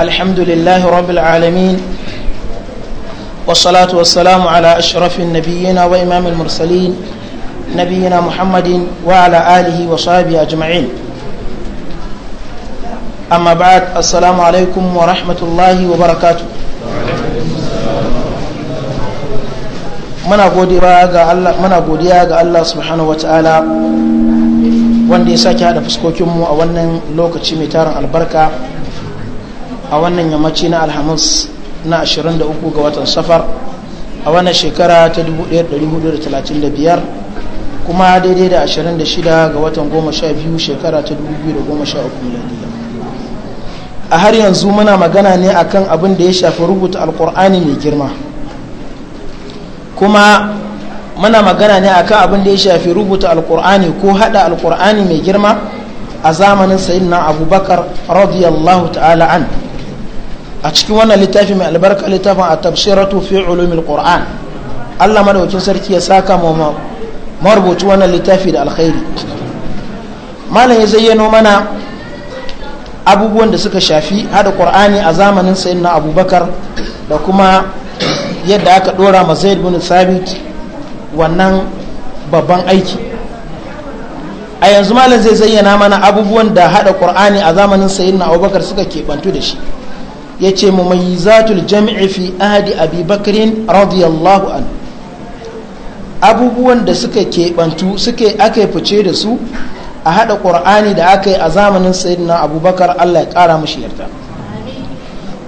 الحمد لله رب العالمين والصلاة والسلام على أشرف النبيين وإمام المرسلين نبينا محمد وعلى آله وصحبه أجمعين أما بعد السلام عليكم ورحمة الله وبركاته muna godiya ga Allah subhanahu wa ta'ala wanda ya sake haɗa fuskokinmu a wannan lokaci mai tarin albarka a wannan yammaci na alhamis na 23 ga watan safar a wannan shekara ta 1435 kuma daidai da 26 ga watan 12 shekara ta 2013 miladiya a har yanzu muna magana ne akan abin da ya shafi rubuta alkur'ani mai girma kuma muna magana ne akan abin da ya shafi rubuta alkur'ani ko hada alkur'ani mai girma a zamanin sayyidina abubakar radiyallahu ta'ala an a cikin wannan littafi mai albarka littafin a tafsiratu fi ulumil qur'an Allah madaukin sarki ya saka mu marubuci wannan littafi da alkhairi malam ya zayyano mana abubuwan da suka shafi hada qur'ani a zamanin sayyidina abubakar da kuma yadda aka dora ma zaid bin sabit wannan babban aiki a yanzu malam zai zayyana mana abubuwan da hada qur'ani a zamanin sayyidina abubakar suka keɓantu da shi ya ce zatul jami'i fi ahadi abubakarin radiyallahu an abubuwan da suka keɓantu suke aka fice da su a haɗa ƙur'ani da aka yi a zamanin sayidina abubakar allah ya ƙara mashi yarda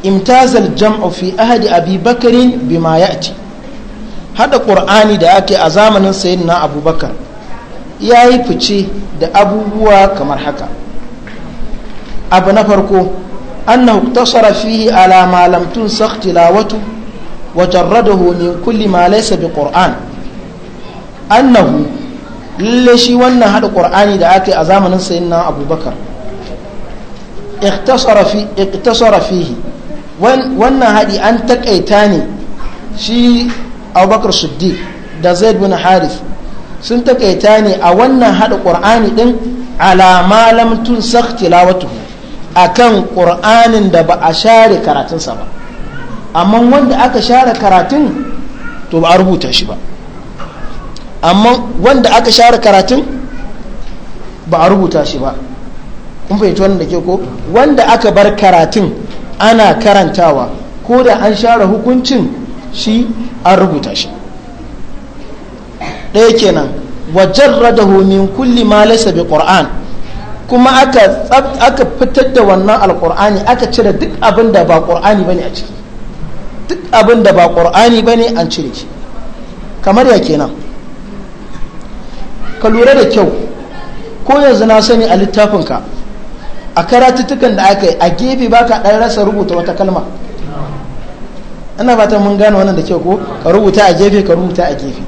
imtazal jam'u fi ahadi abubakarin bakarin bima ya'ti haɗa ƙur'ani da aka yi a zamanin sayidina abubakar ya yi fice da abubuwa kamar haka abu na farko أنه اقتصر فيه على ما لم تنسخ تلاوته وجرده من كل ما ليس بقرآن أنه لشي وانا هذا القرآن دا أكي أزامن سيدنا أبو بكر اقتصر, في اقتصر فيه وانا هذه أن تكأيتاني شي أبو بكر الصديق دا زيد بن حارث sun takaita ne a wannan haɗa ƙur'ani ɗin alama lamtun sak tilawatuhu akan ƙur'anin da ba a share karatunsa ba amma wanda aka share karatun to ba a rubuta shi ba amma wanda aka share karatun ba a rubuta shi ba kun fahimci wannan da ke ko wanda aka bar karatun ana karantawa ko da an share hukuncin shi an rubuta shi ɗaya kenan wajen radahu min kulli ma laysa bi qur'an kuma aka fitar da wannan alkur'ani aka cire duk abin da ba ƙur'ani bane a ciki duk abin da ba ba bane an cire shi kamar ya kenan ka lura da kyau ko yanzu na sani a littafinka a karatuttukan da aka yi a gefe baka ɗan rasa rubuta wata kalma ana fatan mun gane wannan da kyau ko ka rubuta a gefe ka rubuta a gefe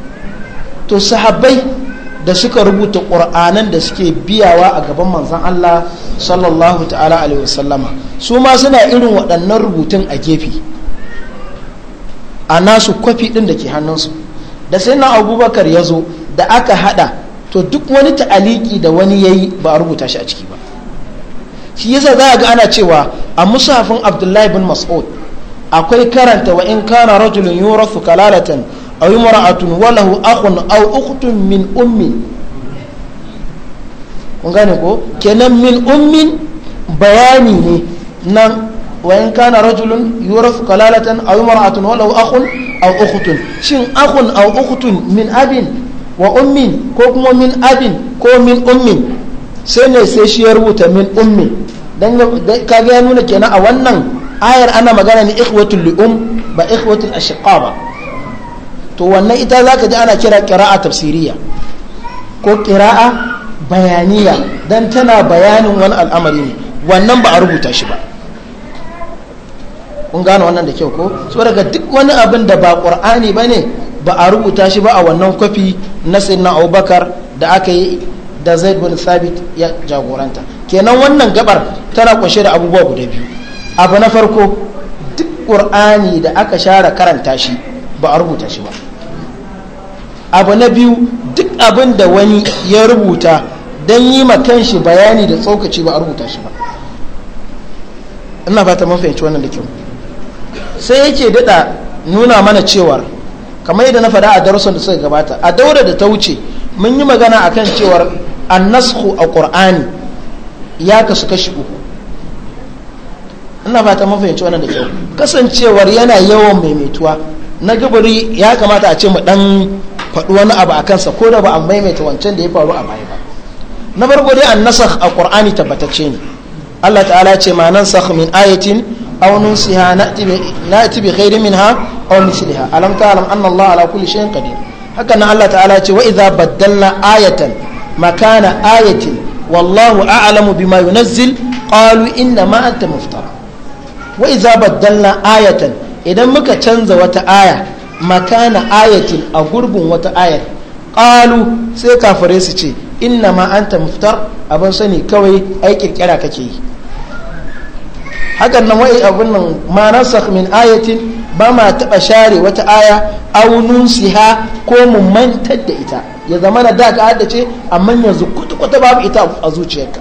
to sahabbai da suka rubuta ƙur'anan da suke biyawa a gaban manzan Allah sallallahu ta'ala alaihi wasallama su ma suna irin waɗannan rubutun a gefe a nasu kwafi ɗin da ke hannunsu da sai na abubakar ya zo da aka haɗa to duk wani ta'aliki da wani ya yi ba a rubuta shi a ciki ba shi yasa za a ga ana cewa a musafin abdullahi bin mas'ud akwai karanta wa in kana rajulun yurathu kalalatan aw imra'atun a lahu akhun u ukhtun min ummi kun gane ko kenan min ummin bayani ne nan wayan kana rajulun yurafu kalalatan aw imra'atun wa lahu akhun aw ukhtun shin a akhun aw ukhtun min abin wa ummin ko kuma min abin ko min ummin sai ne sai shi ya rubuta min ummin dan kaga ya nuna kenan a wannan ayar ana magana ne li li'um ba ikhwatul ashqa ba to wannan ita za ka ji ana kira ƙira'a tafsiriya ko ƙira'a bayaniya don tana bayanin wani al'amari ne wannan ba a rubuta shi ba kun gano wannan da kyau ko so daga duk wani abin da ba ƙur'ani ba ne ba a rubuta shi ba a wannan kwafi na sayyidina abubakar da aka yi da zaid bin sabit ya jagoranta kenan wannan gabar tana kunshe da abubuwa guda biyu abu na farko duk ƙur'ani da aka share karanta shi ba a rubuta shi ba abu na biyu duk abin da wani ya rubuta don yi ma shi bayani da tsokaci ba a rubuta shi ba ina fata mun fahimci wannan da kyau sai yake dada nuna mana cewar kamar yadda na fada a darussan da suka gabata a daura da ta wuce mun yi magana a kan cewar annasku a ƙur'ani ya kasu kashi uku ina fata mun fahimci wannan da kyau kasancewar yana yawan maimaituwa na gabari ya kamata a ce mu dan faɗi wani abu a kansa ko da ba a maimaita wancan da ya faru a baya ba na farko dai an nasa a qur'ani tabbatacce ne Allah ta'ala ce ma nan sa min ayatin siha na ti bi khairin minha aw misliha alam alam an Allah ala kulli shay'in qadir haka nan Allah ta'ala ce wa idza baddalna ayatan makana ayatin wallahu a'lamu bima yunazzil qalu inna ma anta muftara wa idza baddalna ayatan idan muka canza wata aya makana ayatin a gurbin wata ayar ƙalu sai kafare su ce inna ma anta muftar abin sani kawai ai kirkira kake yi hakan nan wai abin nan ma nasakh min ayatin ba ma taɓa share wata aya aunun siha ko mu mantar da ita ya zama na da ka haddace amma yanzu kwata-kwata babu ita a zuciyarka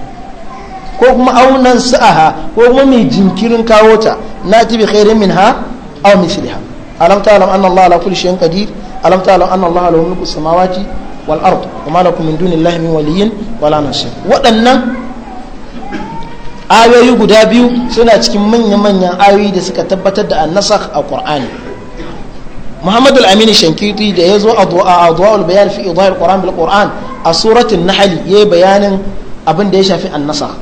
ko kuma aunan sa'aha ko kuma mai jinkirin kawo ta na tibi khairin min ha aw misliha alam ta'lam anna Allah ala kulli shay'in qadir alam ta'lam anna Allah lahu mulku samawati wal ard wa ma lakum min dunillahi min waliyyin wala nasir waɗannan ayoyi guda biyu suna cikin manya-manyan ayoyi da suka tabbatar da annasakh a Qur'ani Muhammad al-Amin Shankiti da ya zo a Adwa'ul Bayan fi Idhar al-Qur'an bil Qur'an a suratul Nahl yayi bayanin abin da ya shafi annasakh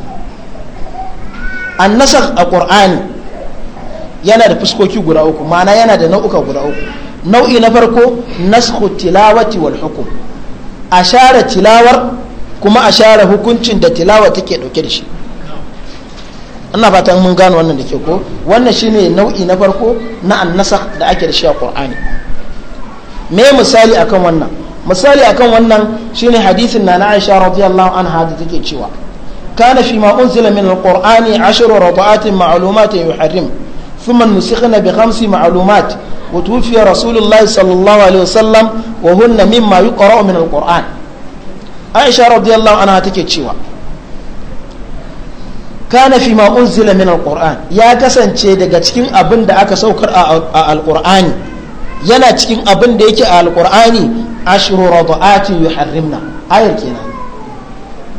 annasakh a Qur'ani yana da fuskoki guda uku ma'ana yana da nau'uka guda uku nau'i na farko naskhu tilawati wal hukum a share tilawar kuma a share hukuncin da tilawa take dauke da shi ina fatan mun gano wannan da ke ko wannan shine nau'i na farko na annasa da ake da shi a qur'ani me misali akan wannan misali akan wannan shine hadisin na Aisha radiyallahu anha da take cewa kana fi ma unzila min alqur'ani ashru rabaatin ma'lumatin yuharrim ثم نسخنا بخمس معلومات وتوفي رسول الله صلى الله عليه وسلم وهن مما يقرأ من القرآن عائشة رضي الله عنها تكتشوا kana fi ma unzila min alquran ya kasance daga cikin abin da aka saukar a alqur'ani yana cikin abin da yake a alqur'ani ashru radaatin yuharrimna ayar kenan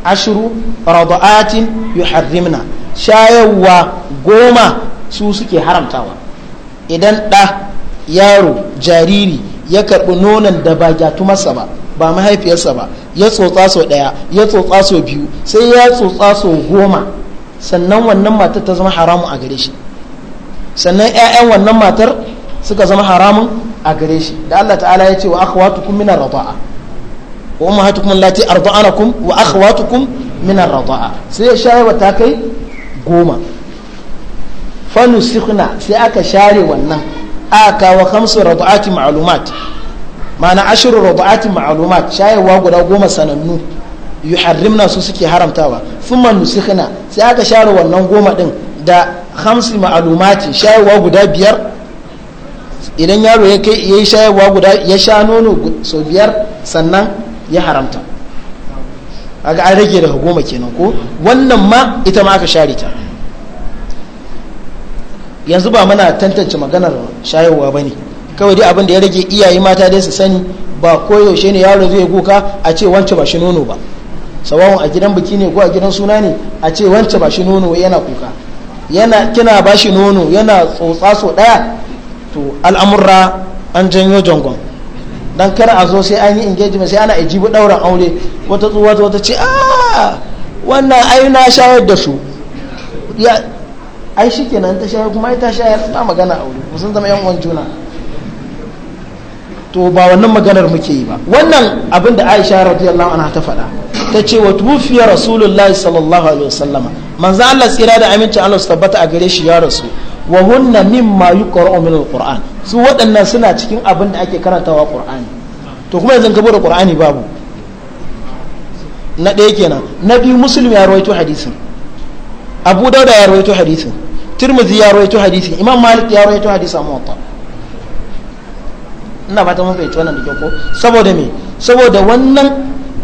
ashru radaatin yuharrimna shayarwa goma su suke haramtawa idan ɗa yaro jariri ya karɓi nonon da ba gyatumarsa ba ba mahaifiyarsa ba ya tsotsa sau ɗaya ya tsotsa sau biyu sai ya tsotsa sau goma sannan wannan matar ta zama haramun a gare shi sannan 'ya'yan wannan matar suka zama haramun a gare shi da Allah ta'ala ya ce wa akhwatukum minar rada'a wa ummahatukum allati arda'anakum wa akhwatukum minar rada'a sai ya wa ta kai goma fanusikhna sai aka share wannan aka kawo hamsu radu'ati ma'lumat ma'ana ashirin radu'ati ma'lumat shayarwa guda goma sanannu yuharrimna su suke haramtawa thumma nusikhna sai aka share wannan goma din da hamsi ma'lumati shayarwa guda biyar idan yaro ya kai yayi shayarwa guda ya sha nono so biyar sannan ya haramta kaga an rage daga goma kenan ko wannan ma ita ma aka share ta yanzu ba muna tantance maganar shayarwa ba ne kawai dai abin da ya rage iyaye mata dai su sani ba koyaushe ne yaro zai kuka a ce wance ba shi nono ba sawawan a gidan biki ne ko a gidan suna ne a ce wance ba shi nono yana kuka yana kina ba shi nono yana tsotsa so daya to al'amurra an janyo jangon dan kar a zo sai an yi engagement sai ana ijibu dauran aure wata tsuwa wata ce a ah, wannan ai na shayar da su ai shi kenan ta shayar kuma ai ta shayar ba magana aure musan zama yan uwan juna to ba wannan maganar muke yi ba wannan abin da Aisha radiyallahu anha ta faɗa ta ce wa tufiya rasulullahi sallallahu alaihi wasallama manzo Allah tsira da aminci Allah su tabbata a gare shi ya rasu wa hunna mimma yuqra'u min alquran su waɗannan suna cikin abin da ake karantawa qur'ani to kuma yanzu gabo da qur'ani babu na ɗaya kenan na biyu muslim ya rawaito hadisin abu dauda ya rawaito hadisin tirmidhi ya rawaito hadisin imam malik ya rawaito hadisin muwatta ina fata mun fahimci wannan da kyau ko saboda me saboda wannan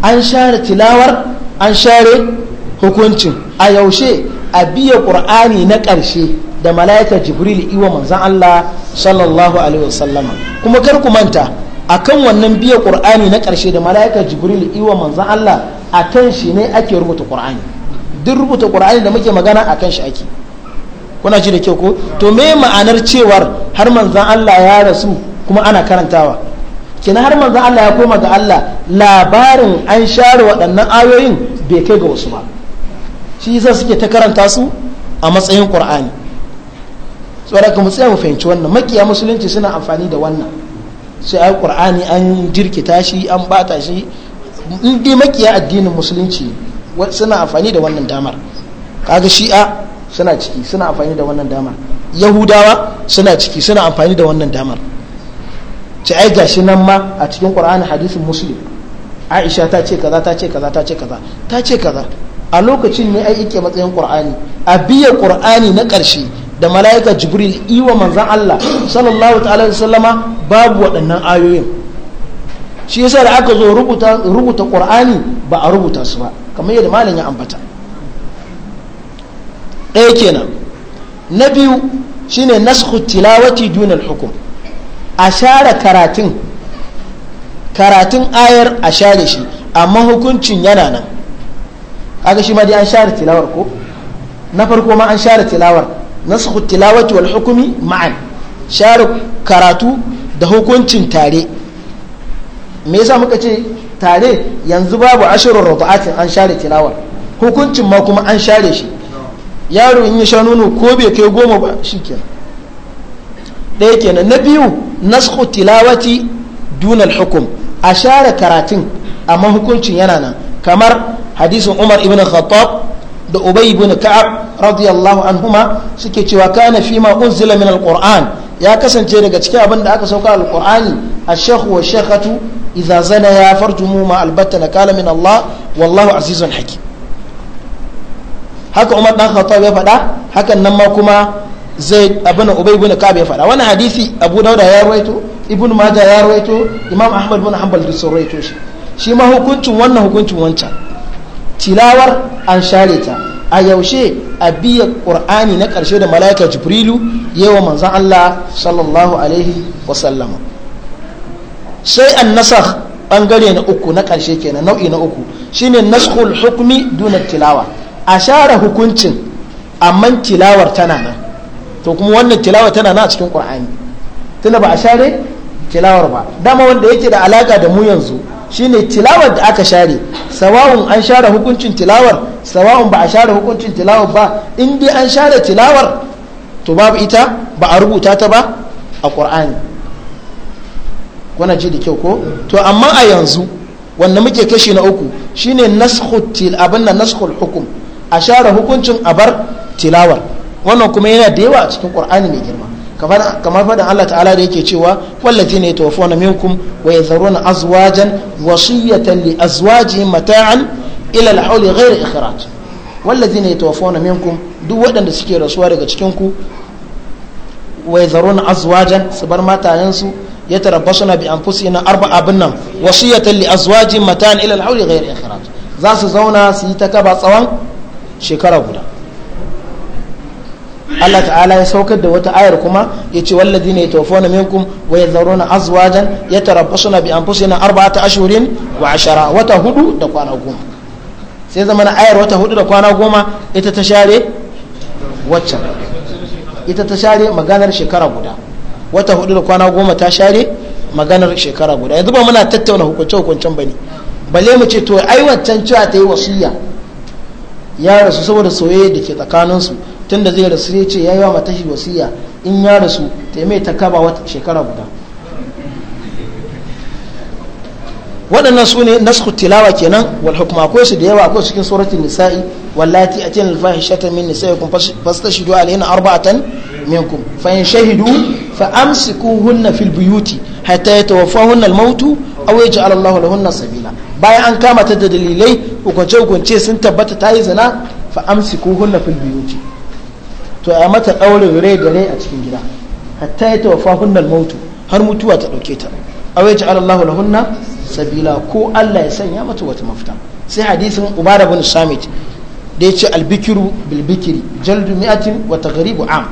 an share tilawar an share hukuncin a yaushe a biya qur'ani na ƙarshe da malaika jibril iwa manzan Allah sallallahu alaihi wasallama kuma kar ku manta akan wannan biya qur'ani na ƙarshe da malaika jibril iwa manzan Allah akan shi ne ake rubuta qur'ani duk rubuta ƙura'ani da muke magana akan shi ake kuna ji da kyau ko to me ma'anar cewar har manzan Allah ya rasu kuma ana karantawa kina har manzan Allah ya koma ga Allah labarin an share waɗannan ayoyin bai kai ga wasu ba shi yasa suke ta karanta su a matsayin ƙur'ani. tsoraka mu tsaya mu fahimci wannan makiya musulunci suna amfani da wannan sai ai ƙur'ani an jirkita shi an bata shi in dai makiya addinin musulunci suna amfani da wannan damar kaga shi'a suna ciki suna amfani da wannan damar yahudawa suna ciki suna amfani da wannan damar ci ai gashi nan ma a cikin qur'ani hadisin muslim aisha ta ce kaza ta ce kaza ta ce kaza ta ce kaza a lokacin ne ai ike matsayin qur'ani a biya qur'ani na ƙarshe da mala'ika jibril iwa manzan allah sallallahu ta'ala sallama babu waɗannan ayoyin shi yasa da aka zo rubuta rubuta qur'ani ba a rubuta su ba kamar yadda malin ya ambata ɗaya kenan na biyu shine naskhu tilawati dunar hukum a share karatun karatun ayar a share shi amma hukuncin yana nan aka shi ma dai an share tilawar ko na farko ma an share tilawar naskhu tilawati wal hukumi ma'an share karatu da hukuncin tare me yasa muka ce tare yanzu babu ashirin rubu'atin an share tilawar hukuncin ma kuma an share shi yaro in ya sha nuno ko bai kai goma ba shi ke ɗaya kenan na biyu nasu tilawati dunal hukum a share karatun amma hukuncin yana nan kamar hadisin umar ibn khattab da ubay ibn ka'ab radiyallahu anhuma suke cewa kana fi ma unzila min alquran ya kasance daga cikin abin da aka sauka alqur'ani ash-shaykh wa shaykhatu إذا زنيا فرجموا ما البتنا قال من الله والله عزيز حكيم haka umar dan khattab ya faɗa hakan nan ma kuma zai abin ubay ibn kab ya faɗa wannan hadisi abu dauda ya rawaito ibnu majah ya rawaito imam ahmad bin hanbal da rawaito shi shi ma hukuncin wannan hukuncin wancan tilawar an share ta a yaushe a biya qur'ani na karshe da malaika jibrilu yawa manzon Allah sallallahu alaihi wa sallama sai an nasar bangare na uku na karshe kenan nau'i na uku shine naskul hukumi duna tilawa a share hukuncin amma tilawar tana nan to kuma wannan tilawar tana nan a cikin kur'ani tuna ba a share tilawar ba dama wanda yake da alaƙa da mu yanzu shine tilawar da aka share sawa'un an share hukuncin tilawar sawa'un ba a share hukuncin tilawar ba in dai an share tilawar to babu ita ba a rubuta ta ba a ƙur'ani kuna ji da kyau ko to amma a yanzu wanda muke kashi na uku shine naskhul til abin nan naskhul hukum a share hukuncin abar tilawar wannan kuma yana da yawa a cikin qur'ani mai girma kamar faɗin Allah ta'ala da yake cewa wallazi ne tawaffawna minkum wa yadharuna azwajan wasiyatan li azwajihim mata'an ila al-hawli ghayra ikhraj wallazi ne tawaffawna minkum duk waɗanda suke rasuwa daga cikin ku wa yadharuna azwajan su bar matayensu ya yatarabbasuna bi na arba abin nan wasu ya talli a zuwa li mata matan ila al ga ghayr ikhraj za su zauna su yi ta kaba tsawon shekara guda Allah ta'ala ya saukar da wata ayar kuma ya ce wallazi ne tofona minkum wa ya zaro na azwajan ya tarabbasu na biyan fusi na arba ta ashirin wa ashara wata hudu da kwana goma sai zama na ayar wata hudu da kwana goma ita ta share waccan ita ta share maganar shekara guda wata hudu da kwana goma ta share maganar shekara guda yanzu ba muna tattauna hukunce hukuncen ne bale mu ce to ai wancan cewa ta yi wasiya ya rasu saboda soyayya da ke tsakaninsu tunda zai rasu ya ce ya yi wa matashi wasiya in ya rasu ta yi mai ta kaba wata shekara guda waɗannan su ne nasu tilawa kenan wal hukma akwai su da yawa akwai cikin suratul nisa'i wallati atin al fahishata min nisaikum fastashidu alayna arba'atan minkum fa in shahidu fa amsikuhunna fil buyuti hatta yatawaffahunna al mautu aw yaj'al Allahu lahunna sabila bayan an kama ta da dalilai hukunce hukunce sun tabbata ta yi zina fa amsikuhunna fil buyuti to a mata daure rai da rai a cikin gida hatta yatawaffahunna al mautu har mutuwa ta dauke ta aw yaj'al Allahu lahunna sabila ko Allah ya sanya mata wata mafita sai hadisin Umar bin Samit da yace albikiru bil bikri jaldu mi'atin wa taghribu am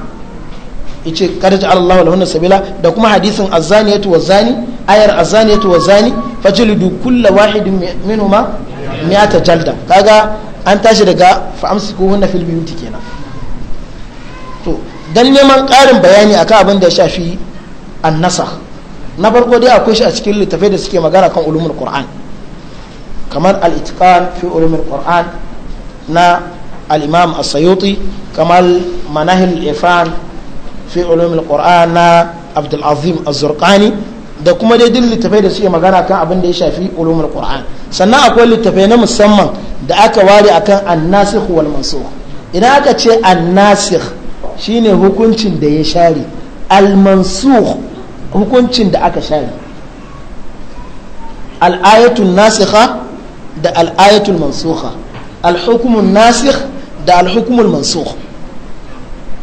yace kada ta Allah sabila da kuma hadisin azaniyatu wa zani ayar azaniyatu wa zani fajlidu kullu wahidin minhuma mi'ata jalda kaga an tashi daga fa amsikuhunna fil biyuti kenan to dan neman ƙarin bayani akan abin da ya shafi annasa na farko dai akwai shi a cikin littafai da suke magana kan ulumul qur'an kamar al-itqan fi ulumul qur'an na al-imam as kamar manahil ifan fi ulumul qur'an na abdul azim az da kuma dai duk littafai da suke magana kan abin da ya shafi ulumul qur'an sannan akwai littafai na musamman da aka ware akan an-nasikh wal mansukh idan aka ce an-nasikh shine hukuncin da ya share al-mansukh hukuncin da aka share al'ayatul nasiha da al'ayatul mansuha alhukumun nasiha da alhukumun mansuha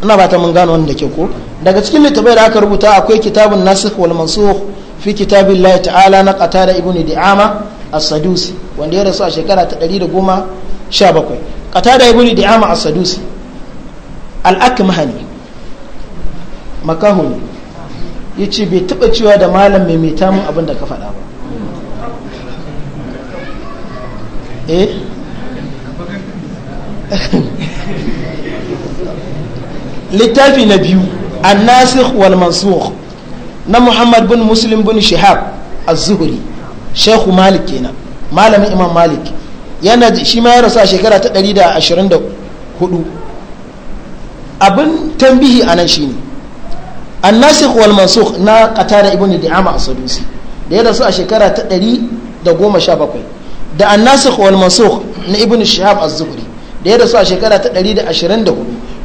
ina ba ta mun gano wanda ke ko daga cikin littafai da aka rubuta akwai kitabun nasikh wal mansukh fi lai ta'ala na qatada ibnu di'ama as-sadusi wanda ya rasu a shekara ta 117 qatada ibnu di'ama as-sadusi al-akmahani makahuni ya ce bai taba cewa da malam mai mai tamun abin da ka faɗa ba eh? littafi na biyu annasikh wal mansur na muhammad bin muslim bin shihab az-zuhri shehu malik kenan malamin imam malik yana shi ma ya rasu a shekara ta 124 abin tambihi a shi shine annasikh wal mansukh na qatada ibn di'ama as da ya rasu a shekara ta 117 da annasikh wal mansukh na ibn shihab az-zuhri da ya rasu a shekara ta 124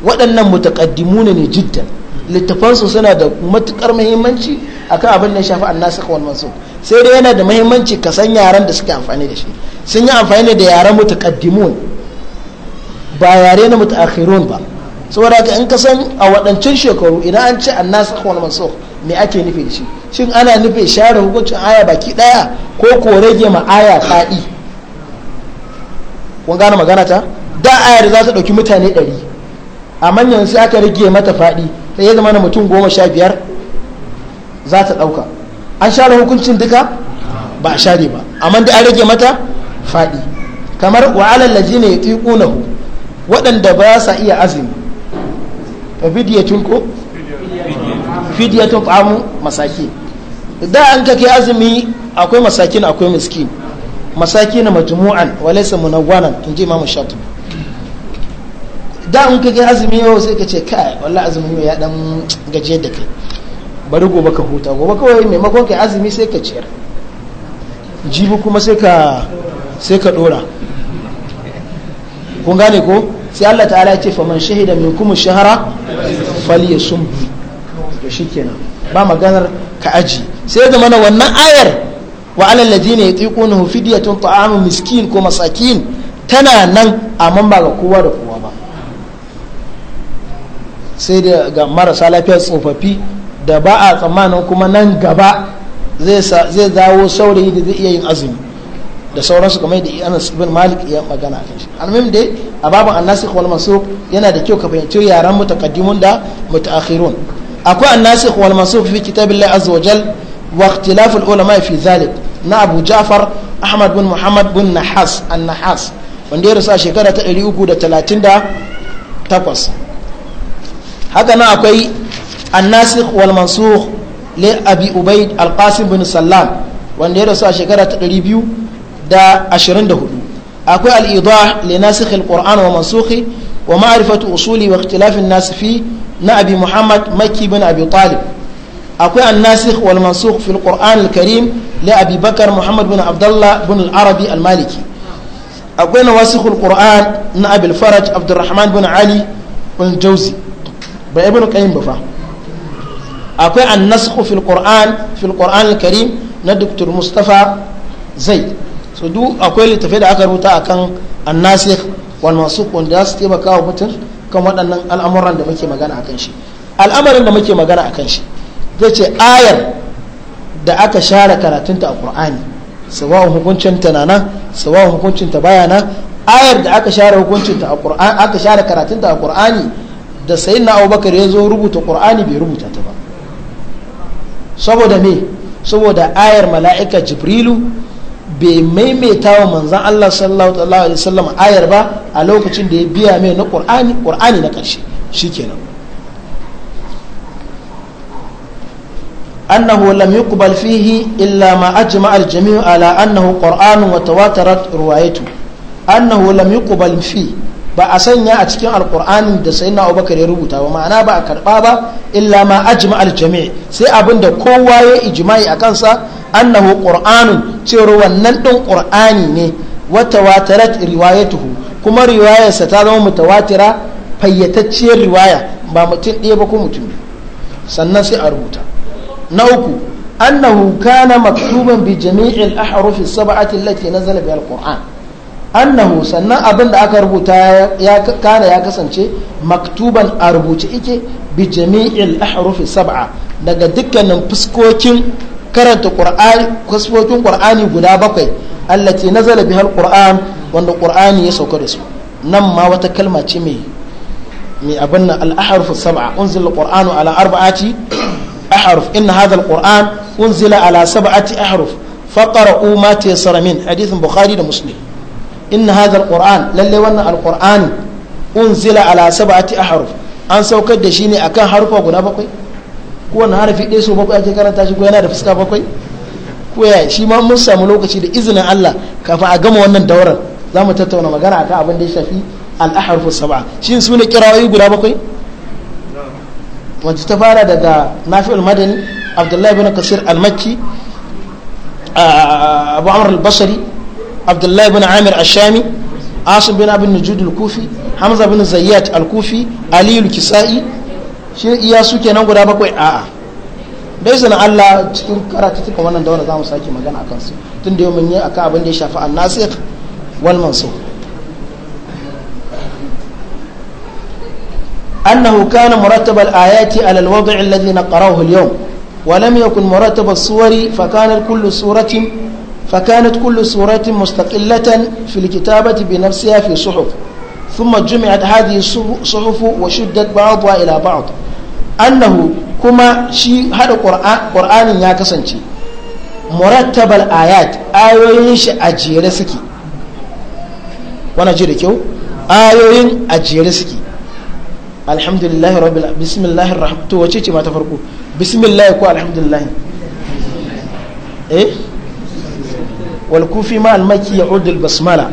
waɗannan mutaqaddimuna ne jiddan littafansu suna da matukar muhimmanci akan abin da ya shafi annasikh wal mansukh sai dai yana da muhimmanci ka san yaran da suke amfani da shi sun yi amfani da yaran mutaqaddimun ba yare na mutaakhirun ba saboda ka in ka san a waɗancan shekaru idan an ce annas wal mansukh me ake nufi da shi shin ana nufi share hukuncin aya baki daya ko ko rage ma aya fadi. kun gane magana ta da ayar za ta ɗauki mutane ɗari amma yanzu aka rage mata faɗi sai ya zama na mutum goma sha biyar za ta ɗauka an share hukuncin duka ba a share ba amma da an rage mata faɗi kamar wa'alar laji ne ya tuƙunahu waɗanda ba sa iya azumi wa fidiyatun ko fidiyatun ta'amu masaki da an ka ke azumi akwai masaki na akwai miskin masakin majmu'an wa laysa munawwanan in ji mamu shatu da an ka ke azumi yau sai ka ce kai wallahi azumi ya dan gajiyar da kai bari gobe ka huta gobe kawai maimakon kai azumi sai ka ciyar jibi kuma sai ka sai ka dora kun gane ko sai Allah ta'ala ya ce faman shahida min kuma shahara fali ya bi da shi kenan ba maganar ka aji sai da mana wannan ayar wa alal hufi yutiquna tun ta'amu miskin ko masakin tana nan a ba ga kowa da kowa ba sai da ga marasa lafiyar tsofaffi da ba a tsammanin kuma nan gaba zai dawo saurayi da zai iya yin azumi da sauransu kamar da Anas ibn Malik ya magana a shi almuhim dai a babin annasikh wal mansukh yana da kyau ka fahimci yaran mutaqaddimun da mutaakhirun akwai annasikh wal mansukh fi kitabillahi azza wa jal wa ikhtilaf al ulama fi zalik na Abu Ja'far Ahmad bin Muhammad bin Nahas an-Nahas wanda ya rasu a shekara ta 338 haka nan akwai annasikh wal mansukh li Abi Ubaid al-Qasim bin Sallam wanda ya rasu a shekara ta 200 da 24 akwai al le li nasikh al-qur'an wa mansukhi wa ma'rifatu usuli wa ikhtilaf an-nas fi na abi muhammad makki bin abi talib akwai an-nasikh wal mansukh fi al-qur'an al-karim li abi bakar muhammad bin abdullah bin al-arabi al-maliki akwai nawasikh al-qur'an na abi al-faraj abdurrahman bin ali bin jawzi ba ibn qayyim ba fa akwai an-nasikh fi al-qur'an fi al-qur'an al-karim na dr mustafa zaid so duk akwai littafai da aka rubuta akan annasir wal mansukh wanda za su taimaka wa mutum kan waɗannan al'amuran da muke magana akan shi al'amarin da muke magana akan shi zai ce ayar da aka share karatunta a qur'ani sawa'un hukuncin ta nana sawa'un hukuncin ta bayana ayar da aka share hukuncin ta a qur'ani aka share karatunta a qur'ani da sayyidina Abubakar ya zo rubuta qur'ani bai rubuta ta ba saboda me saboda ayar mala'ika jibrilu bai maimaita wa manzan Allah sallallahu alaihi wasallam ayar ba a lokacin da ya biya mai na ƙur'ani ƙur'ani na ƙarshe karshe shikenan annahu lam yuqbal fihi illa ma ajma al jami'u ala annahu qur'anun wa tawatarat riwayatu annahu lam yuqbal fi ba a sanya a cikin alqur'anin da sayyidina Abubakar ya rubuta ba ma'ana ba a karba ba illa ma ajma al jami' sai abinda kowa ya ijma'i a kansa annahu qur'anun cewa wannan din qur'ani ne wata watarat riwayatuhu kuma riwayarsa ta zama mutawatira fayyatacciyar riwaya ba mutum ɗaya ba ko mutum sannan sai a rubuta na uku annahu kana maktuban bi jami'il ahrufi sab'ati allati nazala biha alquran annahu sannan abin da aka rubuta ya kana ya kasance maktuban a rubuce ike bi jami'il ahrufi sab'a daga dukkanin fuskokin karanta qur'ani kusbotin qur'ani guda bakwai allati nazala bihal ƙur'an wanda ƙur'ani ya sauka da su nan ma wata kalma ce mai mai abin nan al-ahrufu sab'a unzila al-qur'anu ala arba'ati ahruf inna hadha al-qur'an unzila ala sab'ati aharuf faqra'u ma tayassara min hadithin bukhari da muslim inna hadha al-qur'an lalle wannan al-qur'ani unzila ala sab'ati aharuf an saukar da shi ne akan harufa guda bakwai kowane harafi ɗaya so bakwai ake karanta shi ko yana da fuska bakwai ko ya shi ma mun samu lokaci da izinin Allah kafin a gama wannan daurar za mu tattauna magana akan abin da ya shafi al'aharfu sab'a shi suna ne kirawoyi guda bakwai wacce ta fara daga nafi'ul madani abdullahi bin kasir al-makki abu amr al-basri abdullahi bin amir ashami asim bin abin nujud kufi hamza bin zayyat al-kufi ali kisai shi iya suke nan guda bakwai a'a bai sana Allah cikin karatu tuka wannan daura za mu sake magana akan su tun da yau mun yi akan abin da ya shafi annasir wal mansur annahu kana murattab al ayati ala al wad' alladhi naqarahu al yawm wa lam yakun murattab suwari fa kana kullu suratin fa kanat kullu kitabati bi fi suhu. ثم جمعت هذه الصحف وشدت بعضها إلى بعض أنه كما شيء هذا القرآن قرآن يا كسنتي مرتب الآيات آيوين أجير سكي وانا جيري كيو آيوين أجير سكي الحمد لله رب العالمين بسم الله الرحمن تو وجهي ما تفرقوا بسم الله كو الحمد لله إيه والكوفي ما المكي يعود البسمله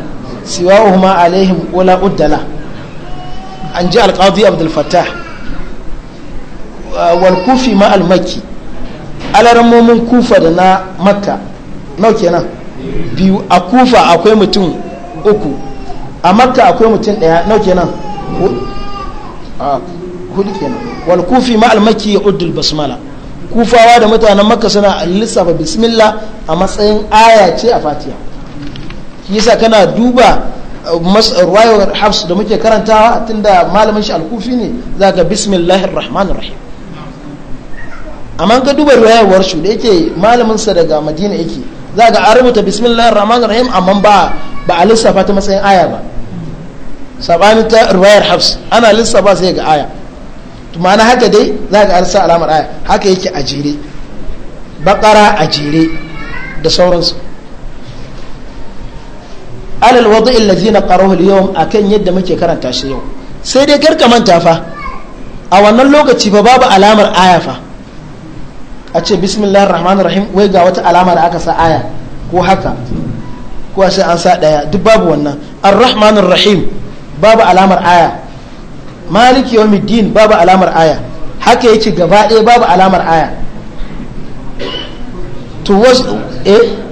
siwa'uhuma alaihim wala uddala an ji alqadi abdul fattah wal kufi ma al makki alarammomin kufa da na makka nau kenan biyu a kufa akwai mutum uku a makka akwai mutum daya nau kenan hudu kenan wal kufi ma al makki ya uddul basmala kufawa da mutanen makka suna lissafa bismillah a matsayin aya ce a Fatiya. yasa kana duba uh, ruwayar hafs da muke karantawa tunda malamin shi alkufi ne za ga bismillahir rahmanir rahim amma ka duba ruwayar shi da yake malamin sa daga madina yake za ga an rubuta bismillahir rahmanir rahim amma ba ba a lissafa ta matsayin aya ba sabanin ta ruwayar hafs ana lissafa sai ga aya to ma'ana haka dai za ga an alamar aya haka yake a jere bakara a jere da sauransu alal wadu illazina qarahu al-yawm akan yadda muke karanta shi yau sai dai garka manta fa a wannan lokaci fa babu alamar aya fa a ce bismillahir rahmanir rahim wai ga wata alama da aka sa aya ko haka ko sai an sa daya duk babu wannan ar-rahmanir rahim babu alamar aya maliki yawmiddin babu alamar aya haka yake gaba ɗaya babu alamar aya to was eh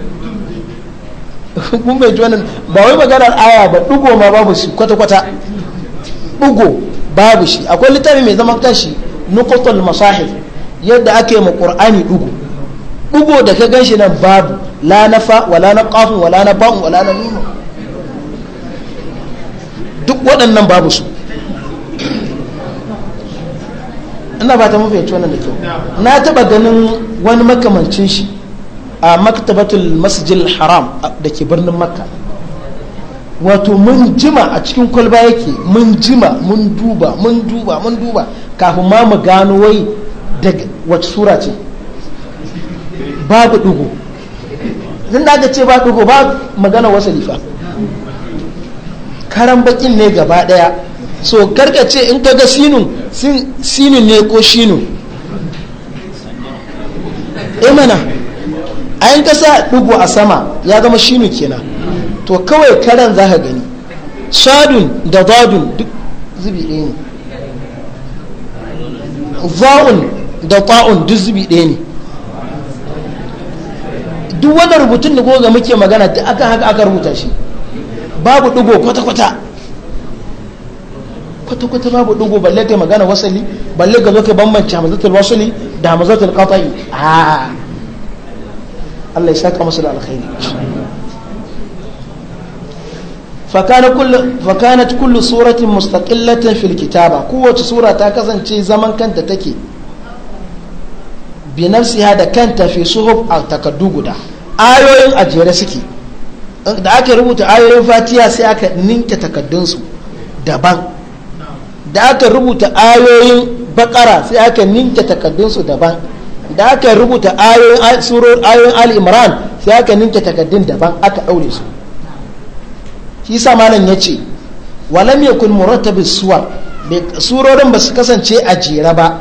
kun bai wannan ba wai maganar aya ba dugo ma babu shi kwata-kwata dugo babu shi akwai littafi mai zaman kanshi nukutul masahif yadda ake ma qur'ani dugo dugo da ka ganshi nan babu la nafa wala na qafun wala na ba'un wala na mim duk waɗannan babu su ina ba ta mafi wannan da kyau na taɓa ganin wani makamancin shi a maktabatul masjil haram da ke birnin makka wato mun jima a cikin kwalba yake mun jima mun duba mun duba mun duba kafin ma mu gano wai da wacce sura ce babu dugo zan da ce ba dugo ba magana wasa lifa karan bakin ne gaba daya so ce in ka ga sinu sinu ne ko shinu imana eh ayin kasa dugu a sama ya zama shinu kenan to kawai karan za ka gani sadun da dadun duk zubi ɗaya ne za'un da ta'un duk zubi ɗaya ne duk wannan rubutun da goga muke magana ta aka haka aka rubuta shi babu dugo kwata-kwata kwata-kwata babu dugo balle kai magana wasali balle ga zo ka bambance hamazatul wasali da hamazatul qata'i a'a Allah ya saka musu da alkhairi fakanat kullu suratin mustaqillatin fil kitaba kowace sura ta kasance zaman kanta take bi nafsiha da kanta fi suhuf a takaddu guda ayoyin ajere suke da aka rubuta ayoyin fatiha sai aka ninke su daban da aka rubuta ayoyin bakara sai aka ninke su daban da aka rubuta ayoyin al’imran imran sai aka ninke takaddun daban aka daure su shi samanin malam yace walam yakun murattabis suwar surorin ba su kasance a jere ba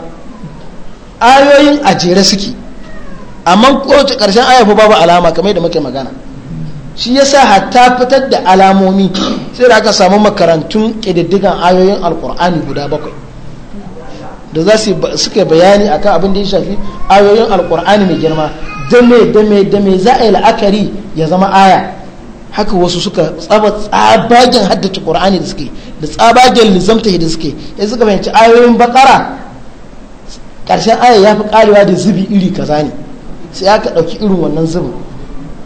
ayoyin a jere suke amma kowace ƙarshen ayafu babu alama kamar da muke magana shi ya sa hatta fitar da alamomi sai da aka samu makarantun ƙididdigan ayoyin alkur'ani guda bakwai da za su suke bayani akan abin da ya shafi ayoyin alkur'ani mai girma dame dame dame za a yi la'akari ya zama aya haka wasu suka tsaba tsabagen haddace qur'ani da suke da tsabagen lizamta da suke ya suka bayanci ayoyin bakara ƙarshen aya ya fi karewa da zubi iri kaza ne sai aka ɗauki irin wannan zubin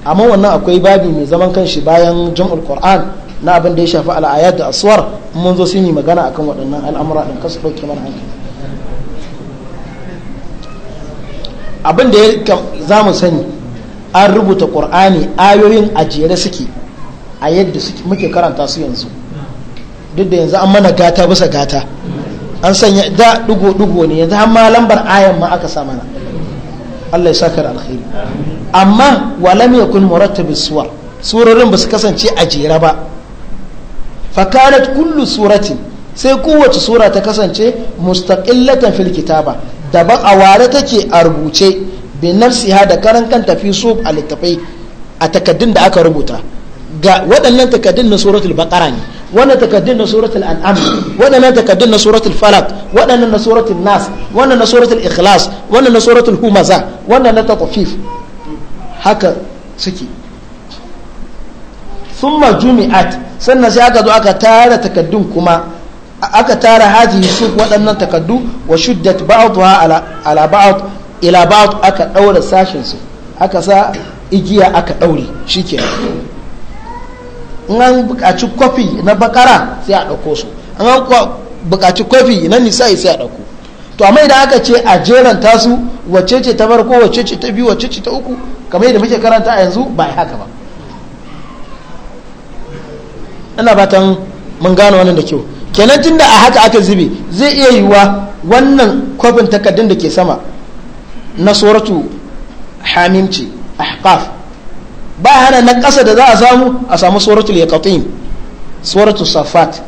amma wannan akwai babi mai zaman kanshi bayan jam'ul qur'an na abin da ya shafi al'ayat da aswar mun zo su yi magana akan waɗannan al'amura ɗin kasu ɗauki mana hankali abin da za mu sani an rubuta ƙur'ani ayoyin a jere suke a yadda muke karanta su yanzu duk da yanzu an mana gata bisa gata an sanya da dugo-dugo ne yanzu har ma lambar ayan ma aka sa mana allai sakar saka amma walam yakun suwar surorin ba su kasance a jere ba fakarat kullu suratin sai kowace sura ta kasance mustaqillatan fil ba. daban a ware take a rubuce bin nafsiha da karan kan tafi su a littafai a takaddun da aka rubuta ga waɗannan takaddun na suratul baqara ne wannan takaddun na suratul an'am waɗannan takaddun na suratul falaq waɗannan na suratul nas wannan na suratul ikhlas wannan na suratul humaza wannan na taqfif haka suke thumma jumi'at sannan sai aka zo aka tara takaddun kuma aka tara haji su waɗannan takaddu wa shuddat ba'dha ala ba'd ila ba'd aka daura sashin su aka sa igiya aka daure shikenan in an buƙaci kwafi na bakara sai a ɗauko su an an buƙaci kwafi na nisa'i sai a ɗauko to amma idan aka ce a jeranta su wacce ce ta farko wacce ce ta biyu wacce ce ta uku kamar yadda muke karanta a yanzu ba haka ba ina batan mun gano wannan da kyau kenan tunda a haka aka zube zai iya yiwuwa wannan kwafin takardun da ke sama na suratu hamim ahqaf ba hana na ƙasa da za a samu a samu suratu yaqatin suratul safat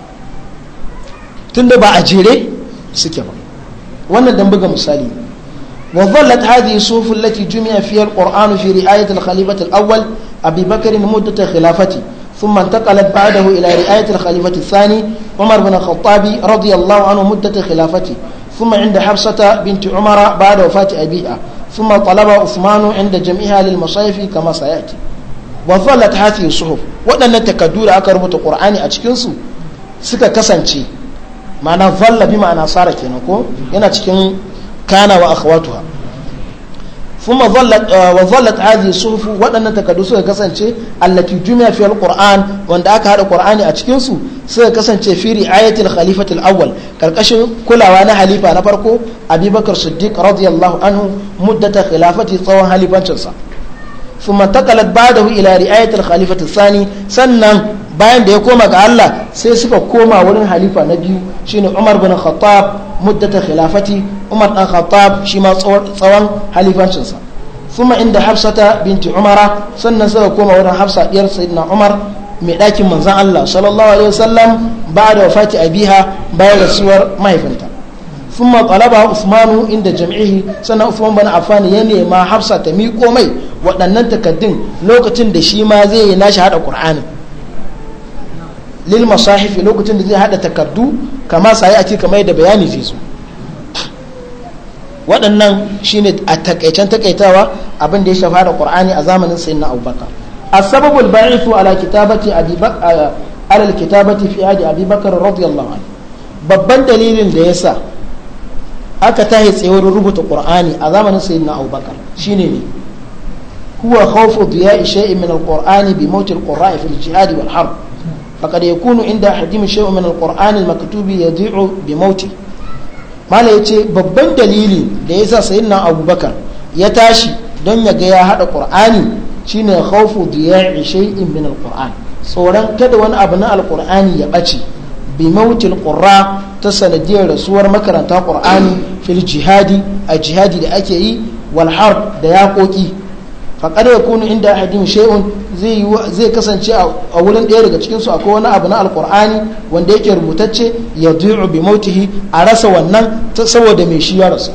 da ba a jere suke ba wannan dan buga misali wa dhallat hadhihi suful lati jumi'a fiha al-qur'an fi ri'ayat al-khalifah al-awwal abi ثم انتقلت بعده إلى رعاية الخليفة الثاني عمر بن الخطاب رضي الله عنه مدة خلافته ثم عند حفصة بنت عمر بعد وفاة أبيها ثم طلب عثمان عند جميعها للمصايف كما سيأتي وظلت هذه الصحف وأن تكدور أكرمة القرآن أتشكنسو سكا كسنشي معنى ظل بمعنى صارت ينكو ينا تشكن كان وأخواتها kuma uh, wa zallat hadhihi suhufu waɗannan takardu suka kasance allati jumi'a fi alquran wanda aka hada qur'ani a cikin su suka kasance fi ri'ayatil khalifatil awwal karkashin kulawa na halifa na farko abubakar siddiq radiyallahu anhu muddata khilafati tsawon halifancinsa ثم انتقلت بعده إلى رعاية الخليفة sani sannan. bayan da ya koma ga Allah sai suka koma wurin halifa na biyu shine Umar bin Khattab muddata khilafati Umar dan Khattab shi ma tsawon halifancinsa kuma inda Hafsata binti Umara sannan suka koma wurin Hafsa diyar Sayyidina Umar mai ɗakin manzan Allah sallallahu alaihi wasallam ba da wafati abiha bayan rasuwar mahaifinta ثم طلبها Usmanu inda sannan سنة عثمان بن ya nema hafsa ta miko mai waɗannan takardun lokacin da shi ma zai yi nashi hada ƙur'ani lil masahifi lokacin da zai hada takardu kama sai a ce kamar yadda bayani zai zo waɗannan shine a takaicen takaitawa abin da ya shafa da qur'ani a zamanin sayyidina abubakar السبب البعيث على كتابة أبي بكر على الكتابة في عهد أبي بكر رضي الله babban dalilin da ya sa aka tahi tsayuwar rubuta qur'ani a zamanin sayyidina abubakar shine ne huwa khawfu diya shay'in min alqur'ani bi mawt alqurra'i fil jihad wal harb faqad yakunu inda hadim shay'un min alquran almaktubi yadhi'u bi mauti mala yace babban dalilin da ya yasa sayyidina abubakar ya tashi don ya ga ya hada ƙur'ani shine khawfu diya'i shay'in min alquran ta da wani abu na alqur'ani ya bace bi mautil qurra ta sanadiyar rasuwar makaranta qur'ani fil jihadi a jihadi da ake yi wal harb da yaƙoƙi faqad yakunu inda ahadim shai'un. zai kasance a wurin ɗaya daga cikinsu akwai wani abu na alkur'ani wanda yake rubutacce ya du'u bi mautihi a rasa wannan saboda mai shi ya rasu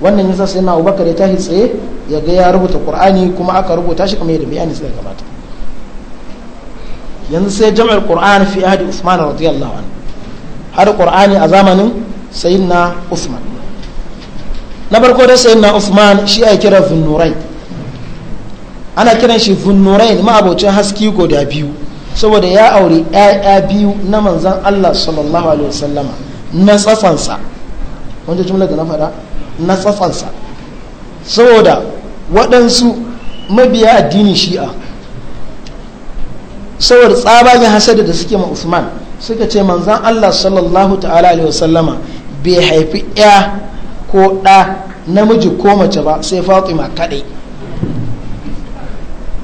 wannan yasa sai na abubakar ya tashi tsaye ya ga ya rubuta qur'ani kuma aka rubuta shi kamar yadda bayani sai gabata yanzu sai jam'ar qur'an fi ahdi usman radiyallahu anhu hada qur'ani a zamanin sayyidina usman na farko da sayyidina usman shi ake kira zunnurai ana kiran shi zunnurain ma'abocin haski guda biyu saboda ya aure 'ya'ya biyu na manzan Allah sallallahu alaihi wasallama na tsatsansa wanda jimla da na faɗa na tsatsansa saboda waɗansu mabiya addinin shi'a saboda tsabagen hasada da suke ma Usman suka ce manzan Allah sallallahu ta'ala alaihi wasallama bai haifi 'ya ko ɗa namiji ko mace ba sai Fatima kaɗai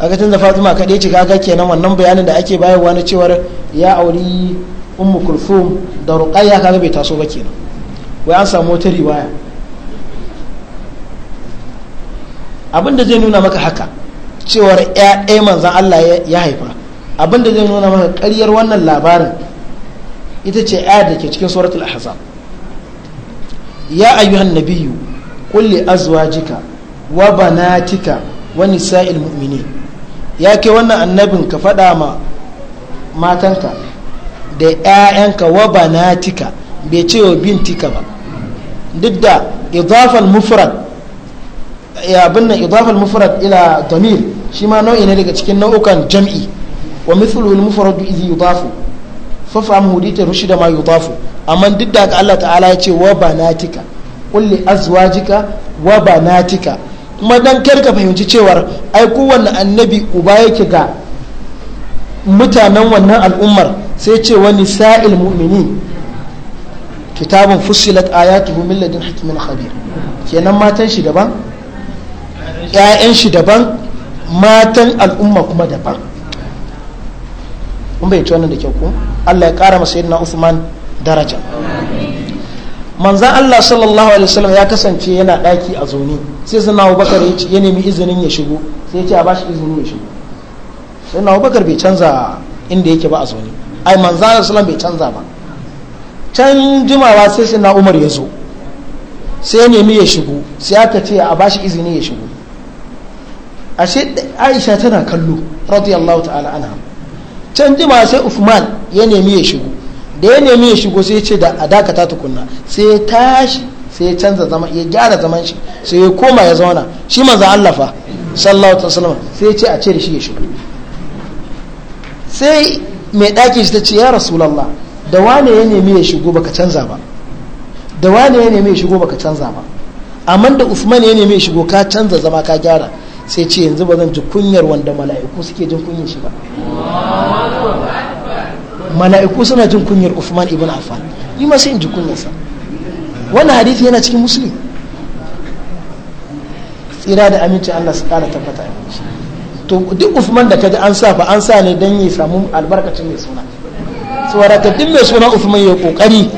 kaga tunda fatima kaɗai ce kaga kenan wannan bayanin da ake bayarwa na cewar ya auri ummu kulfum da ruqayya kaga bai taso ba kenan wai an samu wata riwaya abin da zai nuna maka haka cewar ya manzan Allah ya haifa abin da zai nuna maka karyar wannan labarin ita ce ayar da ke cikin suratul ahzab ya ayyuhan nabiyyu qul li azwajika wa banatika wa nisa'il mu'minin ya ke wannan annabin ka faɗa ma matanka da 'ya'yanka wa banatika bai ce wa bintika ba duk da idafal mufrad ya binna idafal mufrad ila damir shi ma nau'i ne daga cikin nau'ukan jam'i wa mithluhu al-mufrad idh yudafu fa faham hudita rushida ma yudafu amma duk da ka Allah ta'ala ya ce wa banatika qul li azwajika wa banatika kuma dan kar ka fahimci cewar ai kowanne annabi uba yake ga mutanen wannan al'ummar sai ce wani sa'il mu'mini kitabun fussilat ayatuhu min ladin hakimin khabir kenan matan shi daban ƴaƴan shi daban matan al'umma kuma daban kun bai ci wannan da kyau ko Allah ya kara masa na usman daraja manzan Allah sallallahu alaihi wasallam ya kasance yana daki a zaune sai suna Abubakar ya nemi izinin ya shigo sai ya ce a bashi izinin ya shigo sai na Abubakar bai canza inda yake ba a zaune ai manzan Allah sallallahu bai canza ba can jimawa sai sai Umar ya zo sai ya nemi ya shigo sai aka ce a bashi izini ya shigo ashe Aisha tana kallo radiyallahu ta'ala anha can jimawa sai Uthman ya nemi ya shigo da ya nemi ya shigo sai ya ce da a dakata tukunna sai ya tashi sai ya canza zama ya gyara zaman shi sai ya koma ya zauna shi manzo Allah fa sallallahu alaihi wasallam sai ya ce a cire shi ya shigo sai mai ɗakin shi ta ce ya rasulullah da wane ya nemi ya shigo baka canza ba da wane ya nemi ya shigo baka canza ba amma da Usman ya nemi ya shigo ka canza zama ka gyara sai ce yanzu ba zan ji kunyar wanda mala'iku suke jin kunyar shi ba mala'iku suna jin kunyar Uthman ibn Affan ni ma sai in ji kunyarsa wannan hadisi yana cikin musulmi tsira da aminci Allah su kara tabbata to duk Uthman da kaji an sa fa an sa ne dan ya samu albarkacin mai suna saboda ka duk mai suna Uthman ya kokari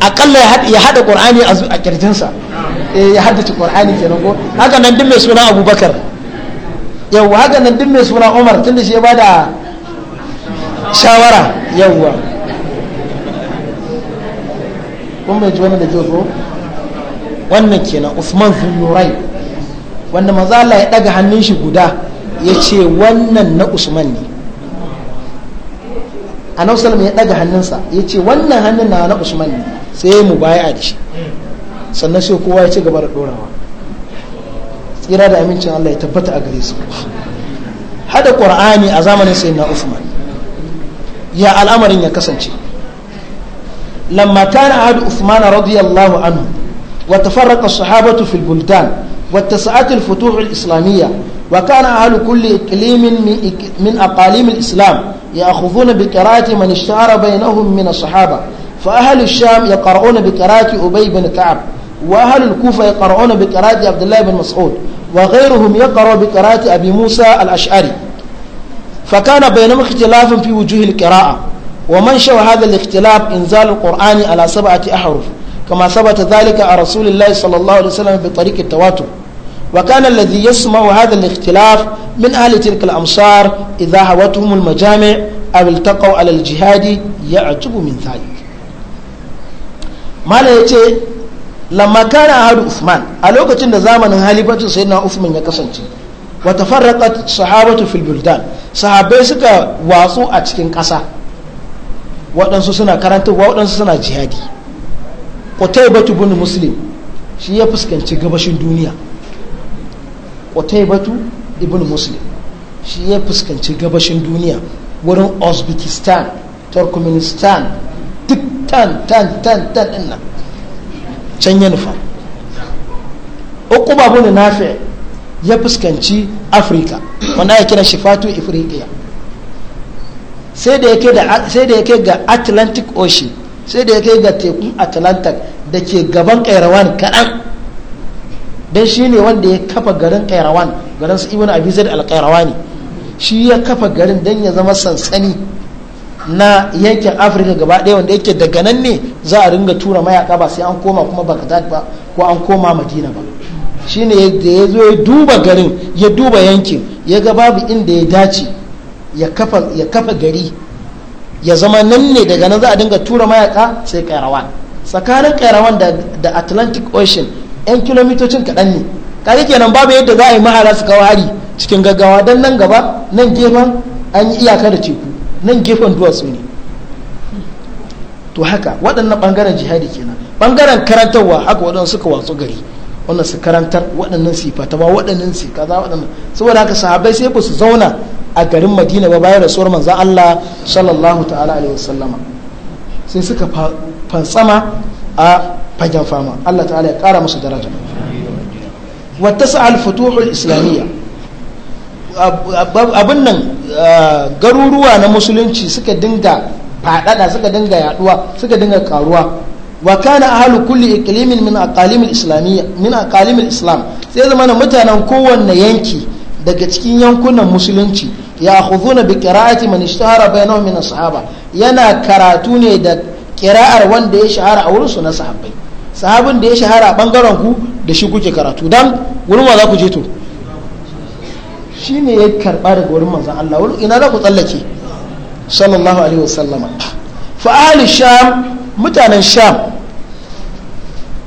akalla ya hada Qur'ani a kirjinsa eh, ya ci Qur'ani kenan ko haka nan duk mai suna Abubakar yau haka nan duk mai suna Umar tunda shi ya bada shawara yawwa kun bai ji wannan da ke ko wannan kenan usman zunurai wanda mazala ya daga hannun shi guda ya ce wannan na usman ne a sallallahu ya daga hannunsa ya ce wannan hannun na na usman ne sai ya mubaya a shi sannan sai kowa ya ci gaba da dorawa tsira da amincin Allah ya tabbata a gare su hada ƙwar'ani a zamanin na usman ya al'amarin ya kasance lamma kana ahadu uthman radiyallahu anhu wa tafarraqa as-sahabatu fil buldan wa tasa'at al-futuh al-islamiyya wa kana ahlu kulli iqlimin min aqalim al-islam ya'khudhuna bi qira'ati man ishtahara bainahum min as-sahaba fa ahlu ash-sham yaqra'una bi qira'ati ubay bin ka'ab وأهل الكوفة يقرؤون بقراءة عبد الله بن مسعود وغيرهم يقرأ بقراءة أبي موسى الأشعري فكان بينهم اختلاف في وجوه القراءة ومن شو هذا الاختلاف إنزال القرآن على سبعة أحرف كما ثبت ذلك عن رسول الله صلى الله عليه وسلم بطريق التواتر وكان الذي يسمع هذا الاختلاف من أهل تلك الأمصار إذا هوتهم المجامع أو التقوا على الجهاد يعجب من ذلك ما يتي لما كان أهل أثمان ألوكة زمن هالبة سيدنا أثمان يكسنتي Wata tafarraqat sahabatu fil buldan sahabbai suka watsu a cikin ƙasa waɗansu suna karanta waɗansu suna jihadi qutaybatu bin muslim shi ya fuskanci gabashin duniya qutaybatu ibn muslim shi ya fuskanci gabashin duniya wurin uzbekistan turkmenistan duk tan tan tan tan can ya nufa uku babu nafi' ya fuskanci afirka wanda ya kira shifatu ifriqiya sai da ya kai ga atlantic ocean sai da ya kai ga tekun atlantic da ke gaban kairawan kaɗan don shi ne wanda ya kafa garin kairawan garin su ibn abizar al ne, shi ya kafa garin don ya zama sansani na yankin afirka gaba ɗaya wanda yake daga nan ne za a ringa tura mayaka ba sai an koma kuma bagdad ba ko an koma madina ba shine yadda ya zo ya duba garin ya duba yankin ya ga babu inda ya dace ya kafa gari ya zama nan ne daga nan za a dinga tura mayaka sai kairawan tsakanin kairawan da atlantic ocean 'yan kilomitocin kaɗan ne kare kenan babu yadda za a yi mahara su kawo hari cikin gaggawa don nan gaba nan gefen an yi iyaka da teku nan gefen duwatsu ne to haka waɗannan ɓangaren jihadi kenan ɓangaren karantarwa haka waɗansu suka watsu gari wannan su karantar waɗannan su fatawa waɗannan su kaza waɗannan saboda haka sahabai sai ba su zauna a garin madina ba bayan rasuwar manzan allah sallallahu ta'ala alaihi wasallama sai suka fansama a fagen fama allah ta'ala ya ƙara musu daraja wata al islamiyya abin nan garuruwa na musulunci suka dinga faɗaɗa suka dinga yaɗuwa suka dinga ƙaruwa wa kana ahlu kulli iqlimin min aqalim islamiyya min aqalim islam sai zama mutanen kowanne yanki daga cikin yankunan musulunci ya khuduna bi qira'ati man ishtahara bainahum min sahaba. yana karatu ne da kira'ar wanda ya shahara a wurin su na sahabbai sahabin da ya shahara bangaren ku da shi kuke karatu dan wurin wa za ku je to shine ya karba daga wurin manzon Allah Wurin ina za ku tsallake sallallahu alaihi wasallama fa ahli sham mutanen sham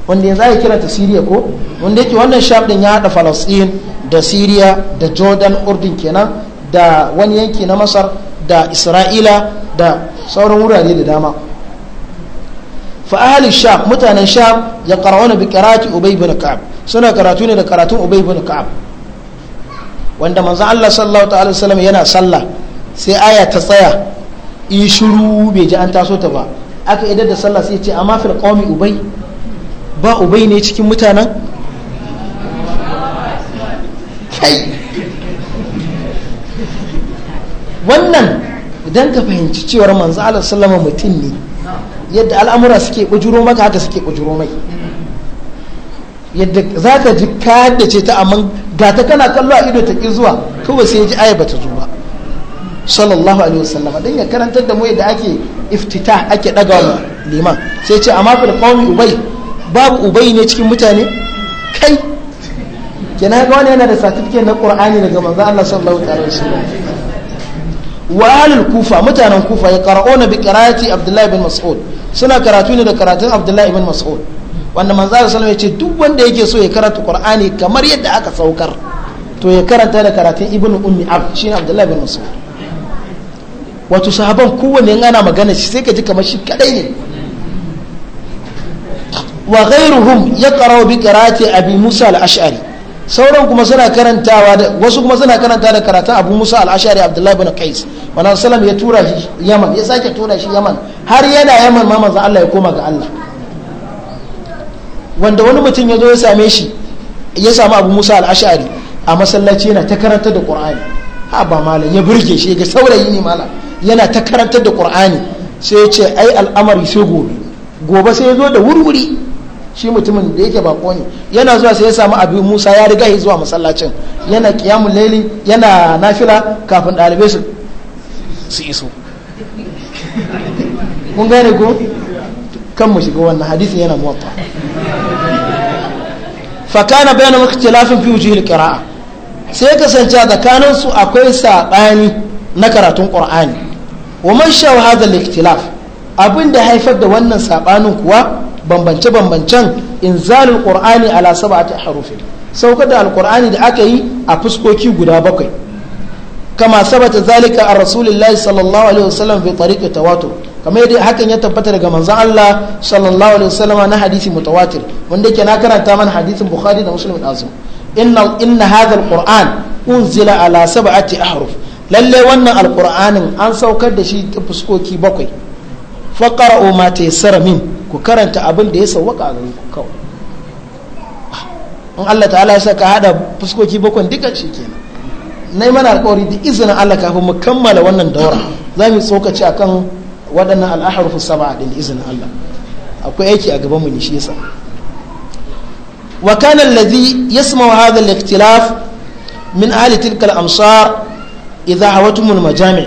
wanda yanzu ake kira ta siriya ko wanda yake wannan sham din ya haɗa falastin da siriya da jordan urdun kenan da wani yanki na masar da isra'ila da sauran wurare da dama fa'ahalin sham mutanen sham ya karawana bi karatu ubay bin ka'ab suna karatu ne da karatun ubay bin ka'ab wanda manzon Allah sallallahu ta'ala wasallam yana sallah sai aya ta tsaya in shiru bai ji an taso ta ba aka idar da sallah sai ce amma fil qaumi ubay ba ubay ne cikin mutanen kai wannan idan ka fahimci cewar manzo Allah sallama mutum ne yadda al'amura suke bujuro maka haka suke bujuro mai yadda za ka ji ka ce ta amma ga ta kana kallo a ido ta ki zuwa kawai sai ya ji aya ta zo ba sallallahu alaihi wasallama don ya karantar da mu yadda ake iftita ake daga wa liman sai ce amma fil qawmi ubay babu ubay ne cikin mutane kai kina ga wani yana da certificate na qur'ani daga manzo Allah sallallahu alaihi wasallam wa ahlul kufa mutanen kufa ya qara'una bi qira'ati abdullahi bin mas'ud suna karatu ne da karatun abdullahi bin mas'ud wanda manzo Allah sallallahu alaihi wasallam ya ce duk wanda yake so ya karanta qur'ani kamar yadda aka saukar to ya karanta da karatun ibnu ummi ab shine abdullahi bin mas'ud wato sahaban kowanne ana magana shi sai ka ji kamar shi kadai ne wa ghairuhum yaqra'u bi qira'ati abi musa al-ash'ari sauran kuma suna karantawa da wasu kuma suna karanta da karatun abu musa al-ash'ari abdullahi ibn qais wannan salam ya tura shi yaman ya sake tura shi yaman har yana yaman ma manzo Allah ya koma ga Allah wanda wani mutum ya zo ya same shi ya samu abu musa al-ash'ari a masallaci yana ta karanta da qur'ani ha ba malam ya burge shi ga saurayi ne malam yana ta karantar da qur'ani sai ya ce ai al'amari sai gobe gobe sai ya zo da wurwuri shi mutumin da yake bako ne yana zuwa sai ya samu abu musa ya riga ya zuwa masallacin yana kiyamun laili yana nafila kafin ɗalibai su su iso kun gane ko kan mu shiga wannan hadisi yana muwatta fakana bayan ikhtilafin fi wujuhil qira'a sai kasance a tsakaninsu akwai saɓani na karatun ƙur'ani wa man sha hada liktilaf abin da haifar da wannan saɓanin kuwa bambance-bambancen inzalul ƙur'ani ala sab'ati harufin saukar da alƙur'ani da aka yi a fuskoki guda bakwai kama sabata zalika a rasulillahi sallallahu alaihi wasallam bi tariqi tawatur kamar yadda hakan ya tabbata daga manzon Allah sallallahu alaihi wasallam na hadisi mutawatir wanda yake na karanta mana hadisin Bukhari da Muslim da Azum inna inna hadha alquran unzila ala sab'ati ahruf lalle wannan alqur'anin an saukar da shi ta fuskoki bakwai faqra'u ma tayassara min ku karanta abin da ya sauwaka a gare ku kawai in Allah ta'ala ya saka hada fuskoki bakwai duka shi kenan na nai mana alƙawari da izinin Allah kafin mu kammala wannan daura za mu tsokaci akan waɗannan al'aharufu saba'a da izinin Allah akwai aiki a gaban mu ne shi yasa وكان الذي يسمع هذا الاختلاف من اهل تلك الامصار إذا هوتهم المجامع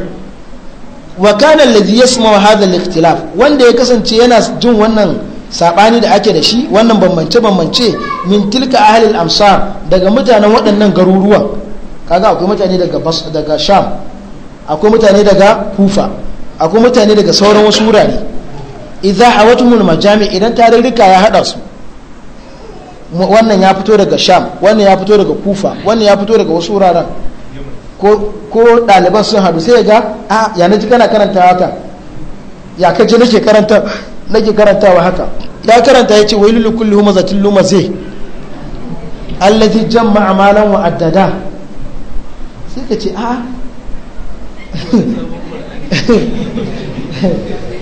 وكان الذي يسمع هذا الاختلاف وان ده يكسنتي yana jin wannan sabani da ake da shi wannan bambance bambance min tilka ahli al-amsar daga mutanen waɗannan garuruwan kaga akwai mutane daga bas daga sham akwai mutane daga kufa akwai mutane daga sauran wasu wurare idza hawatumul majami idan tarurruka ya hada su wannan ya fito daga sham wannan ya fito daga kufa wannan ya fito daga wasu wuraren ko ɗaliban sun haɗu sai ga a ah, ya na ji kana karanta haka ya ka nake karanta nake karantawa haka ya karanta ya ce wai lulu kullu mazatin luma zai allazi jamma amalan wa addada sai ka ce a ah.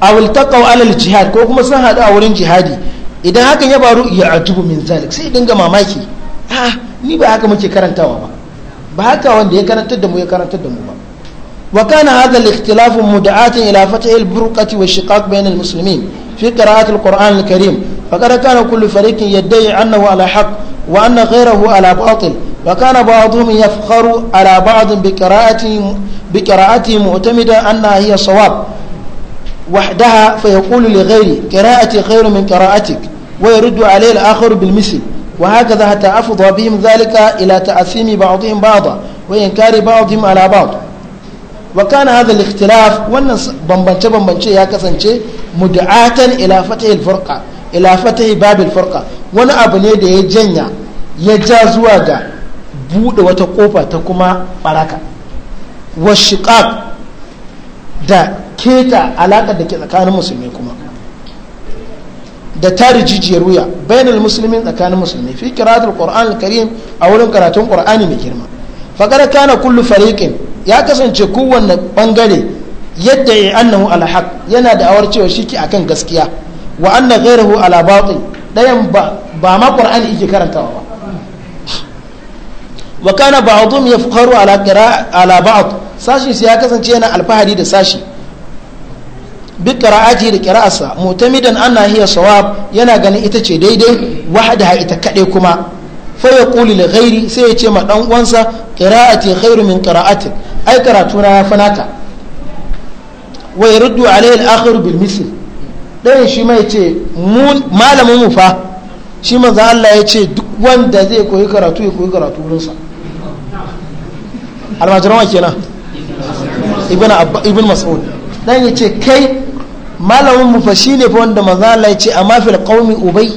a taqaw alal jihad ko kuma sun haɗu a wurin jihadi idan hakan ya faru ya atubu min zalik sai dinga mamaki ha ni ba haka muke karantawa ba ba haka wanda ya karantar da mu ya karantar da mu ba wa kana hadha al-ikhtilaf mud'atan ila fath al-burqati wa shiqaq bain al-muslimin fi qira'at al-quran al-karim faqad kana kullu fariqin yadda'i annahu ala haqq wa anna ghayrahu ala batil وكان بعضهم يفخر على بعض بقراءته بقراءته ana انها هي صواب وحدها فيقول لغيري قراءتي خير من قراءتك ويرد عليه الآخر بالمثل وهكذا حتى أفضى بهم ذلك إلى تأثيم بعضهم بعضا وإنكار بعضهم على بعض وكان هذا الاختلاف وأن بمبنش بمبنش يا كسنش مدعاة إلى فتح الفرقة إلى فتح باب الفرقة وأنا أبني دي جنيا يجازوا جا بود وتقوفة تكما بركة والشقاق da keta alaƙar da ke tsakanin musulmi kuma da tari jijiyar wuya bainal musulmin tsakanin musulmi fi kiratul qur'an karim a wurin karatun qur'ani mai girma faqad kana kullu fariqin ya kasance kowanne bangare yadda ya annahu ala yana da awar cewa shike akan gaskiya wa anna ghayruhu ala batil dayan ba ba ma qur'ani yake karantawa ba wa kana ba'dhum yafqaru ala qira'a ala ba'd sashi ya kasance yana alfahari da sashi Bik qira'ati da qira'arsa mutamidan ana hiya sawab yana ganin ita ce daidai wahada ita kaɗe kuma faya kuli da gairi sai ya ce ma dan uwansa qira'ati gairu min qira'ati ai karatu na yafi naka wa ruddu alayhi al-akhir bil misl dan shi mai ce malamin mu fa shi manzo Allah ya ce duk wanda zai koyi karatu ya koyi karatu wurinsa almajiran wa kenan ibn ibn mas'ud dan ya ce kai malamin mu fa shine fa wanda maza la ya ce a mafil qaumi ubay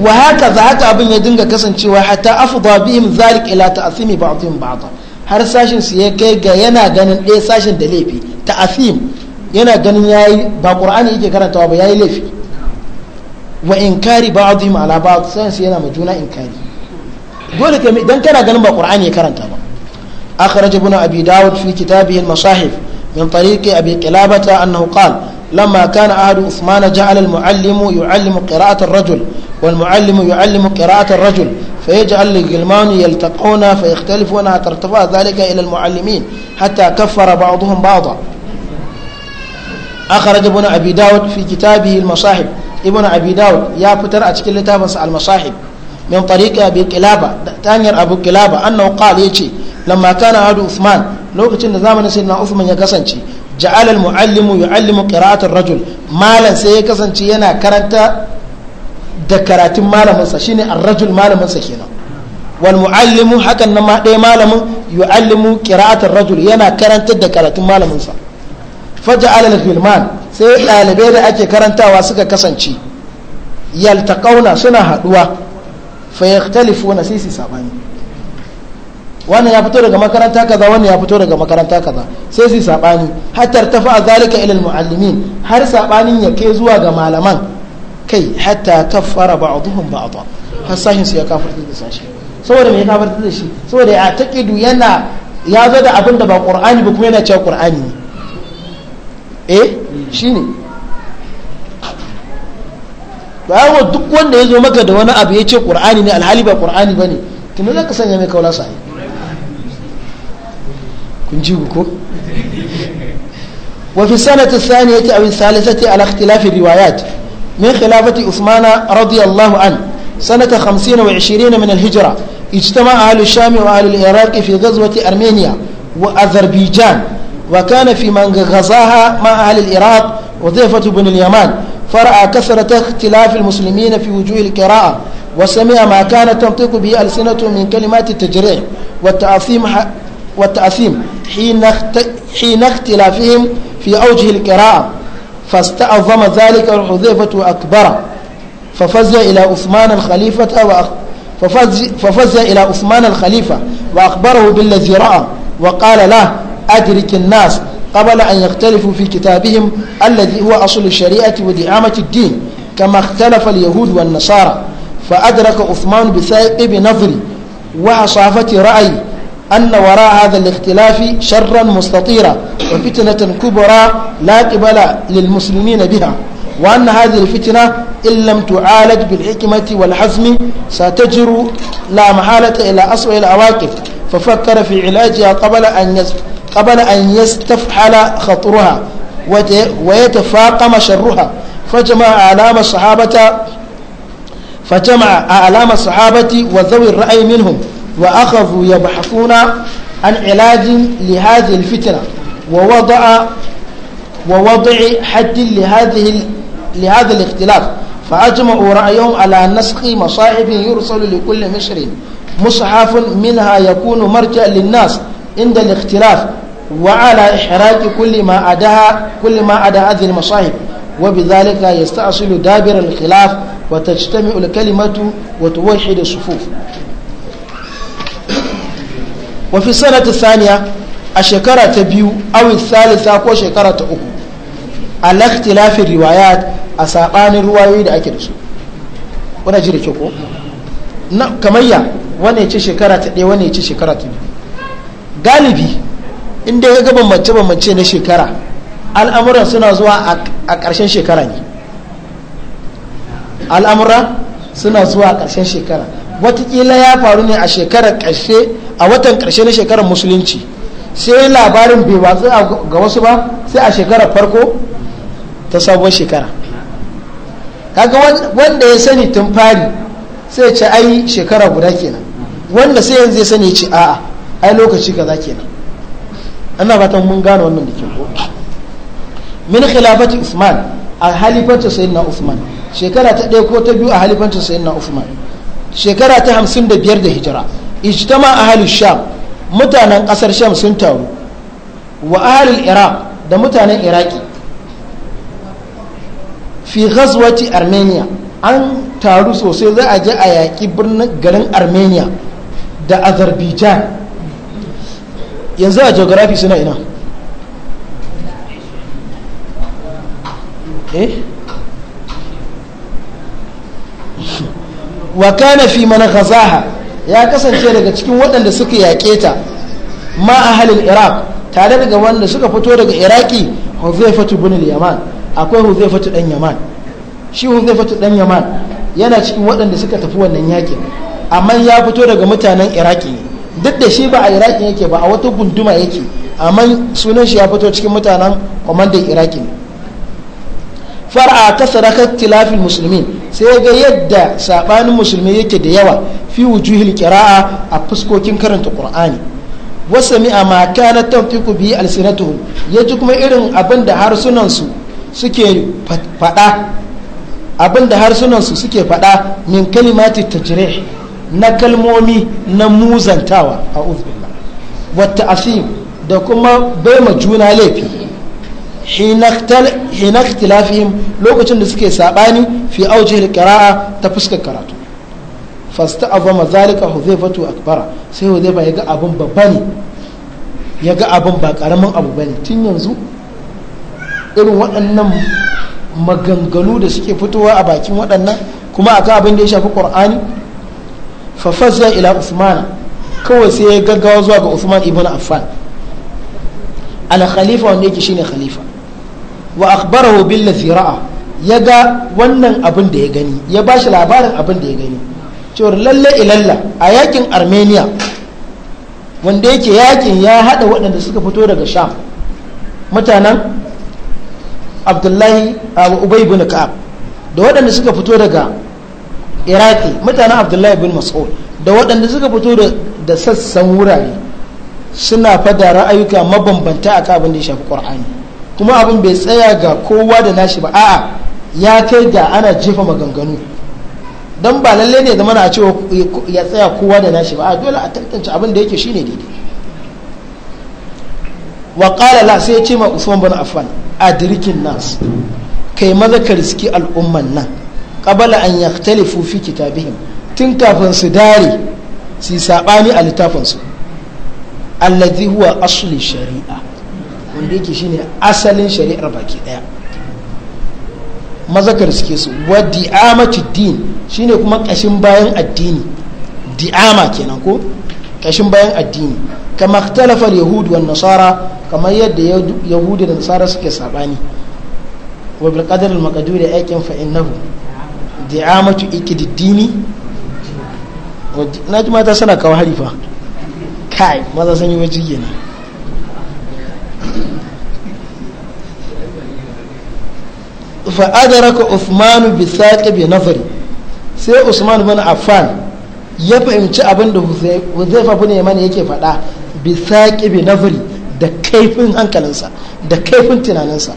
wa haka za haka abin ya dinga kasancewa hatta afdha bihim zalik ila ta'simi ba'dihim ba'd har sashin su ya kai ga yana ganin ɗaya sashin da laifi ta'sim yana ganin yayi ba qur'ani yake karantawa ba yayi laifi wa inkari ba'dihim ala ba'd sashin su yana ma juna inkari dole kai dan kana ganin ba qur'ani ya karanta ba أخرج ابن أبي داود في كتابه المصاحف من طريق أبي قلابة أنه قال لما كان عهد عثمان جعل المعلم يعلم قراءة الرجل والمعلم يعلم قراءة الرجل فيجعل الغلمان يلتقون فيختلفون ترتفع ذلك إلى المعلمين حتى كفر بعضهم بعضا أخرج ابن أبي داود في كتابه المصاحب ابن أبي داود يا فتر أتكلم المصاحب min tariqa bi kilaba ta hanyar abu kilaba annahu qala ce lamma kana hadu usman lokacin da zamanin sayyidina usman ya kasance ja'ala al-muallimu yu'allimu qira'at ar-rajul malan sai ya kasance yana karanta da karatun malamin sa shine ar-rajul malamin sa kenan wal muallimu hakan na ma ɗaya malamin yu'allimu qira'at ar-rajul yana karanta da karatun malamin sa faja'ala al sai ɗalibai da ake karantawa suka kasance yaltaqauna suna haɗuwa. fayyaktalifu wani sai sabani wannan ya fito daga makaranta kaza wannan ya fito daga makaranta kaza sai su sabani hatta fa'a zalika ila almuallimin har sabanin ya kai zuwa ga malaman kai hatta ta fara ba'dhum ba'dha har sahin su ya kafirta da sashi saboda me ya kafirta da shi saboda ya taqidu yana ya zo da abin da ba qur'ani ba kuma yana cewa qur'ani ne eh shine ba duk wanda ya zo maka da wani abu ya ce qur'ani ne alhali ba qur'ani bane tunan zaka sanya mai kaula sai kun ji ko وفي السنة الثانية أو الثالثة على اختلاف الروايات من خلافة عثمان رضي الله عنه سنة خمسين وعشرين من الهجرة اجتمع أهل الشام وأهل العراق في غزوة أرمينيا وأذربيجان وكان في من غزاها مع أهل العراق وضيفة بن اليمان فرأى كثرة اختلاف المسلمين في وجوه القراءة وسمع ما كان تنطق به ألسنتهم من كلمات التجريع والتأثيم والتأثيم حين حين اختلافهم في أوجه القراءة فاستعظم ذلك الحذيفة وأكبره ففزع إلى عثمان الخليفة ففز, ففز ففزع إلى عثمان الخليفة وأخبره بالذي رأى وقال له أدرك الناس قبل أن يختلفوا في كتابهم الذي هو أصل الشريعة ودعامة الدين كما اختلف اليهود والنصارى فأدرك عثمان بثائب نظري وحصافة رأي أن وراء هذا الاختلاف شرا مستطيرا وفتنة كبرى لا قبل للمسلمين بها وأن هذه الفتنة إن لم تعالج بالحكمة والحزم ستجر لا محالة إلى أسوأ العواقب ففكر في علاجها قبل أن قبل أن يستفحل خطرها ويتفاقم شرها فجمع أعلام الصحابة فجمع أعلام الصحابة وذوي الرأي منهم وأخذوا يبحثون عن علاج لهذه الفتنة ووضع ووضع حد لهذه لهذا الاختلاف فأجمعوا رأيهم على نسخ مصاحب يرسل لكل مصري مصحف منها يكون مرجع للناس عند الاختلاف وعلى إحراق كل ما أداها كل ما أدى هذه المصاحب وبذلك يستأصل دابر الخلاف وتجتمع الكلمة وتوحد الصفوف وفي السنة الثانية الشكرة تبيو أو الثالثة أو شكرة أكو على اختلاف الروايات أساقان الروايات أكدسو ونجري شكو نعم كمية ونيتش شكرة تبيو ونيتش شكرة تبيو galibi inda ya ga bambance-bambance na shekara al'amuran suna zuwa a ƙarshen shekara ne al'amura suna zuwa a ƙarshen shekara watakila ya faru ne a shekarar ƙarshe a watan ƙarshe na shekarar musulunci sai labarin bai watsu ga wasu ba sai a shekarar farko ta sabuwar shekara kaga wanda ya sani tun fari sai ce ai shekara guda kenan wanda sai yanzu ya sani ce a'a ai lokaci kaza kenan ana fatan mun gane wannan da ke ko min khilafati usman a Sayyid sayyidina usman shekara ta ɗaya ko ta biyu a Sayyid sayyidina usman shekara ta hamsin da biyar da hijira ijtama ahli sham mutanen ƙasar sham sun taru wa ahli iraq da mutanen iraki fi ghazwati armenia an taru sosai za a je a yaƙi birnin garin armenia da azerbaijan yanzu a geography suna ina eh? wa kana fi mana khazaha ya kasance daga cikin waɗanda suka yaƙe ta ma a halin iraq tare daga wanda suka fito daga iraki huzaifatu bin yaman akwai huzaifatu dan yaman shi huzaifatu dan yaman yana cikin waɗanda suka tafi wannan yaƙin amma ya fito daga mutanen iraki ne duk da shi ba a iraki yake ba a wata gunduma yake amma sunan shi ya fito cikin mutanen kwamandan iraki ne far'a sadakar tilafin musulmi sai ga yadda sabanin musulmi yake da yawa fi wujuhil kira'a a fuskokin karanta qur'ani mi a maka na tafiku biyu alsinatuhu ya ji kuma irin abinda da harsunansu suke faɗa abin da harsunansu suke faɗa min kalimati tajrih na kalmomi na muzantawa a uzbillah wata afim da kuma bai ma juna laifi hina ikhtilafihim lokacin da suke sabani fi da kara'a ta fuskar karatu fasta mazalika zalika fatu akbara sai ba ya ga abin babba ne ya ga abin ba karamin abu bane tun yanzu irin waɗannan maganganu da suke fitowa a bakin waɗannan kuma akan abin da ya shafi qur'ani fafazza ila usman kawai sai ya gaggawa zuwa ga usman ibn affan ala khalifa wanda yake shine khalifa wa akhbarahu bil ladhi ra'a ya ga wannan abin da ya gani ya bashi labarin abin da ya gani cewar lalle ilalla a yakin armenia wanda yake yakin ya hada waɗanda suka fito daga sham mutanen abdullahi abu ubai bin ka'ab da waɗanda suka fito daga iraki mutanen abdullahi bin mas'ud da waɗanda suka fito da sassan wurare suna fada ra'ayuka mabambanta a abin da ya shafi ƙwar'ani kuma abin bai tsaya ga kowa da nashi ba a'a ya kai ga ana jefa maganganu don ba lalle ne zama a cewa ya tsaya kowa da nashi ba a dole a tantance abin da yake shine daidai wa qala la sai ya ce ma usman bin affan adrikin nas kai maza ka riski al'umman nan qabala an yaktalifu fi kitabihim tun kafin su dare su sabani a littafin su allazi huwa asli shari'a wanda yake shine asalin shari'ar baki daya mazakar suke su wa di'amatu din shine kuma kashin bayan addini di'ama kenan ko kashin bayan addini kama ikhtalafa al-yahud nasara kamar yadda yahudi da nasara suke sabani wa bil qadar al-maqduri aykin fa innahu di'amatu ikididdini na ji mata suna kawo harifa kai maza sun yi wajen gina fa'adaraka Uthmanu usmanu saƙi bai nazari sai Usman bin Affan ya fahimci abin da Huzaifa bin Yaman yake faɗa bi saƙi bi nazari da kaifin hankalinsa da kaifin tunaninsa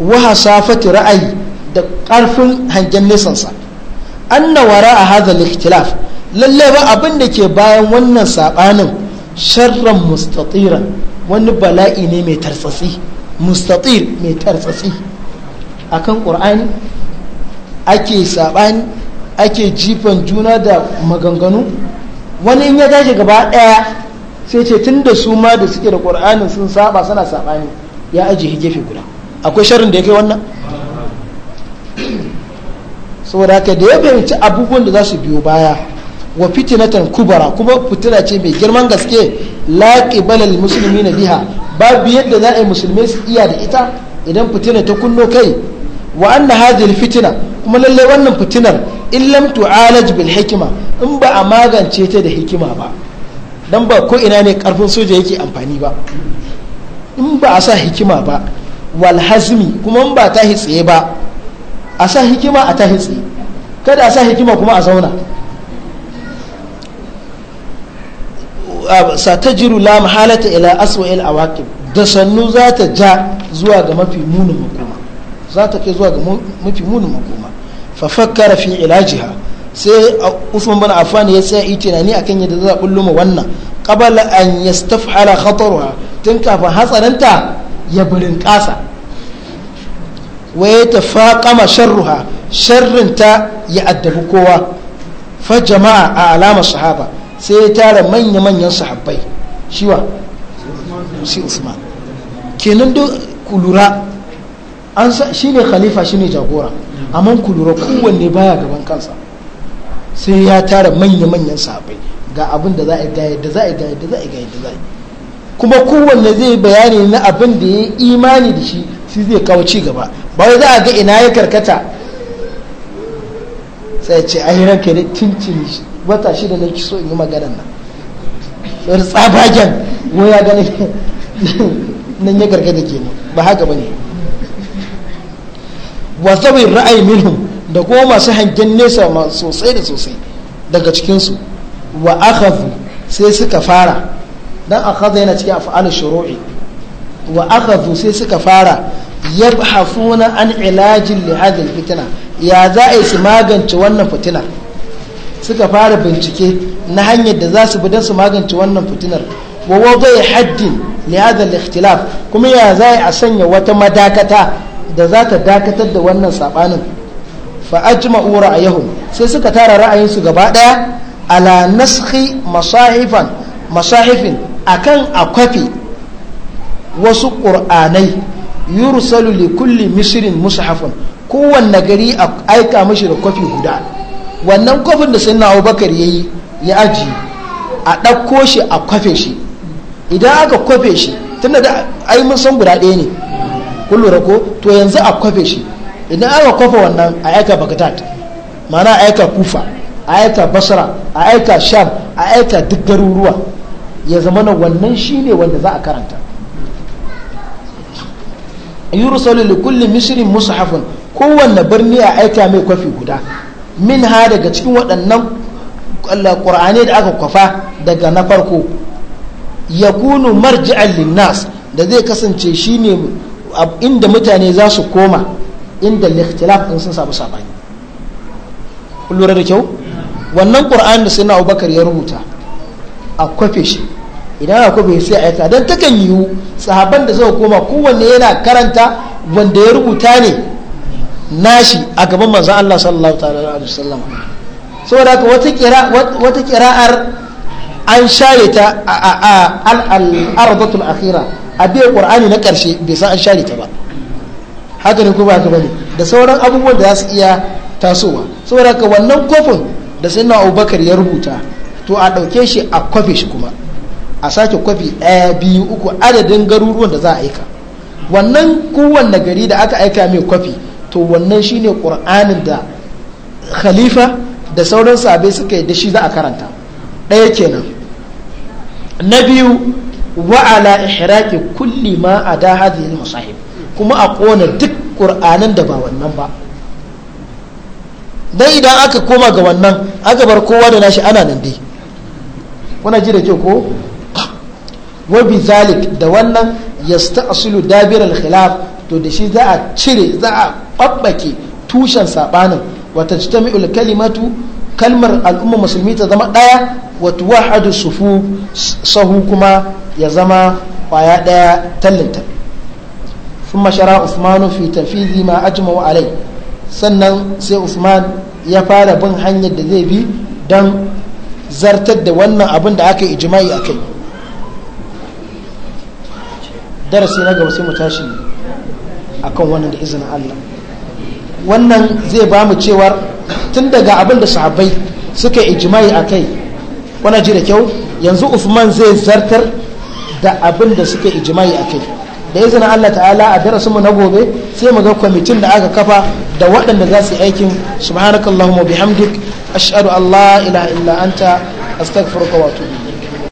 wa hasafati ra'ayi da ƙarfin hangen nesansa anna wara a haza ikhtilaf lalle ba abin da ke bayan wannan saɓanin sharran mustatira wani bala'i ne mai tartsatsi mustatir mai tartsatsi akan qur'ani ake sabani ake jifan juna da maganganu wani in ya tashi gaba ɗaya sai ce tun da su ma da suke da qur'anin sun saba suna sabani ya ajiye gefe guda akwai sharrin da ya kai wannan saboda haka da ya fahimci abubuwan da za su biyo baya wa fitinatan kubara kuma fitina ce mai girman gaske balal musulmi na biha babu yadda za a yi musulmi su iya da ita idan fitina ta kunno kai wa anna hadhihi fitina kuma lallai wannan fitinar in lam tu'alaj bil hikima in ba a magance ta da hikima ba dan ba ko ina ne karfin soja yake amfani ba in ba a sa hikima ba wal kuma in ba ta hitsaye ba a sa hikima a ta hitsaye kada a sa hikima kuma a zauna jiru la mahalata ila il awaqib da sannu za ta ja zuwa ga mafi munin makoma za ta kai zuwa ga mafi munin makoma fa fakkara fi ilajiha sai Usman bin Affan ya tsaya yi tunani akan yadda za a bulluma wannan qabala an yastaf'ala khataruha tun kafin hatsarinta ya burin kasa wa ya tafaqama sharruha sharrin ta ya addabi kowa fa jama'a a alama sahaba sai ya tara manya manyan sahabbai shiwa si Usman kenan duk kulura an shi ne khalifa shi ne jagora amma kulura kowanne baya gaban kansa sai ya tara manya manyan sahabbai ga abin da za a ga da za a ga da za a ga da za a kuma kowanne zai bayani na abin da ya imani da shi shi zai kawo ci gaba ba wai za a ga ina ya karkata sai ce a yi ne tuntun wata shida na so in yi magana nan wani tsabagen wani ya gani nan ya karkata ke ne ba haka ba ne wasawin ra'ayi minhum da kuma masu hangen nesa sosai da sosai daga cikinsu wa akhafu sai suka fara dan akhadha yana cikin af'al shuru'i wa akhafu sai suka fara yabhasuna an ilajin li hadhihi fitina ya za a su magance wannan fitina suka fara bincike na hanyar da za su bi don su magance wannan fitinar wa wadai haddin li ikhtilaf kuma ya za a sanya wata madakata da za ta dakatar da wannan sabanin fa ajma'u ra'ayahum sai suka tara ra'ayin su gaba daya ala naskhi masahifan masahifin akan akwafi wasu qur'anai yursalu li kulli misrin mushafun kowanne gari a aika mashi da kwafi guda wannan kwafin da sayyidina Abubakar yayi ya aji a ɗauko shi a kofe shi idan aka kofe shi tunda da ai mun san guda ɗaya ne kun lura ko to yanzu a kofe shi idan aka kwafa wannan a aika bagdad mana a aika kufa a aika basra a aika sham a aika duk garuruwa ya zama nan wannan shine wanda za a karanta yursalu li kulli misrin mushafun kowanne birni a aika mai kwafi guda min ha daga cikin waɗannan qur'ani da aka kwafa daga na farko yakunu marji'an linnas da zai kasance shine inda mutane za su koma inda likhtilaf din sun samu sabani kun da kyau wannan qur'ani da sayyidina Abubakar ya rubuta a kwafe shi idan aka bai sai aika don takan yiwu sahabban da suka koma kowanne yana karanta wanda ya rubuta ne nashi a gaban manzo Allah sallallahu alaihi wasallam saboda haka wata kira wata kira'ar an share ta a al-ardatul akhira a bi qur'ani na karshe bai san an share ta ba haka ne ko ba haka bane da sauran abubuwan da za su iya tasowa saboda haka wannan kofin da sayyidina Abubakar ya rubuta to a ɗauke shi a kwafe shi kuma a sake kwafi ɗaya biyu uku adadin garuruwan da za a aika wannan kowanne gari da aka aika mai kwafi to wannan shine ƙur'anin da khalifa da sauran sabai suka yi da shi za a karanta ɗaya kenan na biyu wa'ala ihraqi kulli ma ada hadhihi al kuma a kona duk qur'anin da ba wannan ba dan idan aka koma ga wannan aka bar kowa da nashi ana nan dai kuna ji da ke ko wa zalik da wannan yasta'silu dabir al-khilaf to da shi za a cire za a babbake tushen sabanin wa tajtami'u kalimatu kalmar al'umma musulmi ta zama ɗaya wa tuwahhadu sufu sahu kuma ya zama ƙwaya ɗaya tallinta ثم شرع عثمان في تنفيذ ما wa alai sannan sai Usman ya fara bin hanyar da zai bi don zartar da wannan abin da aka yi jima'i a kai darasi na gaba sai mu tashi akan wannan da izinin Allah wannan zai ba mu cewar tun daga abin da sahabbai suka ijimai a kai wani ji da kyau yanzu Usman zai zartar da abin da suka ijimai a kai da izinin Allah ta'ala a darasin mu na gobe sai mu ga kwamitin da aka kafa da waɗanda za su yi aikin subhanakallahumma bihamdik ashhadu an la ilaha illa anta astaghfiruka wa atubu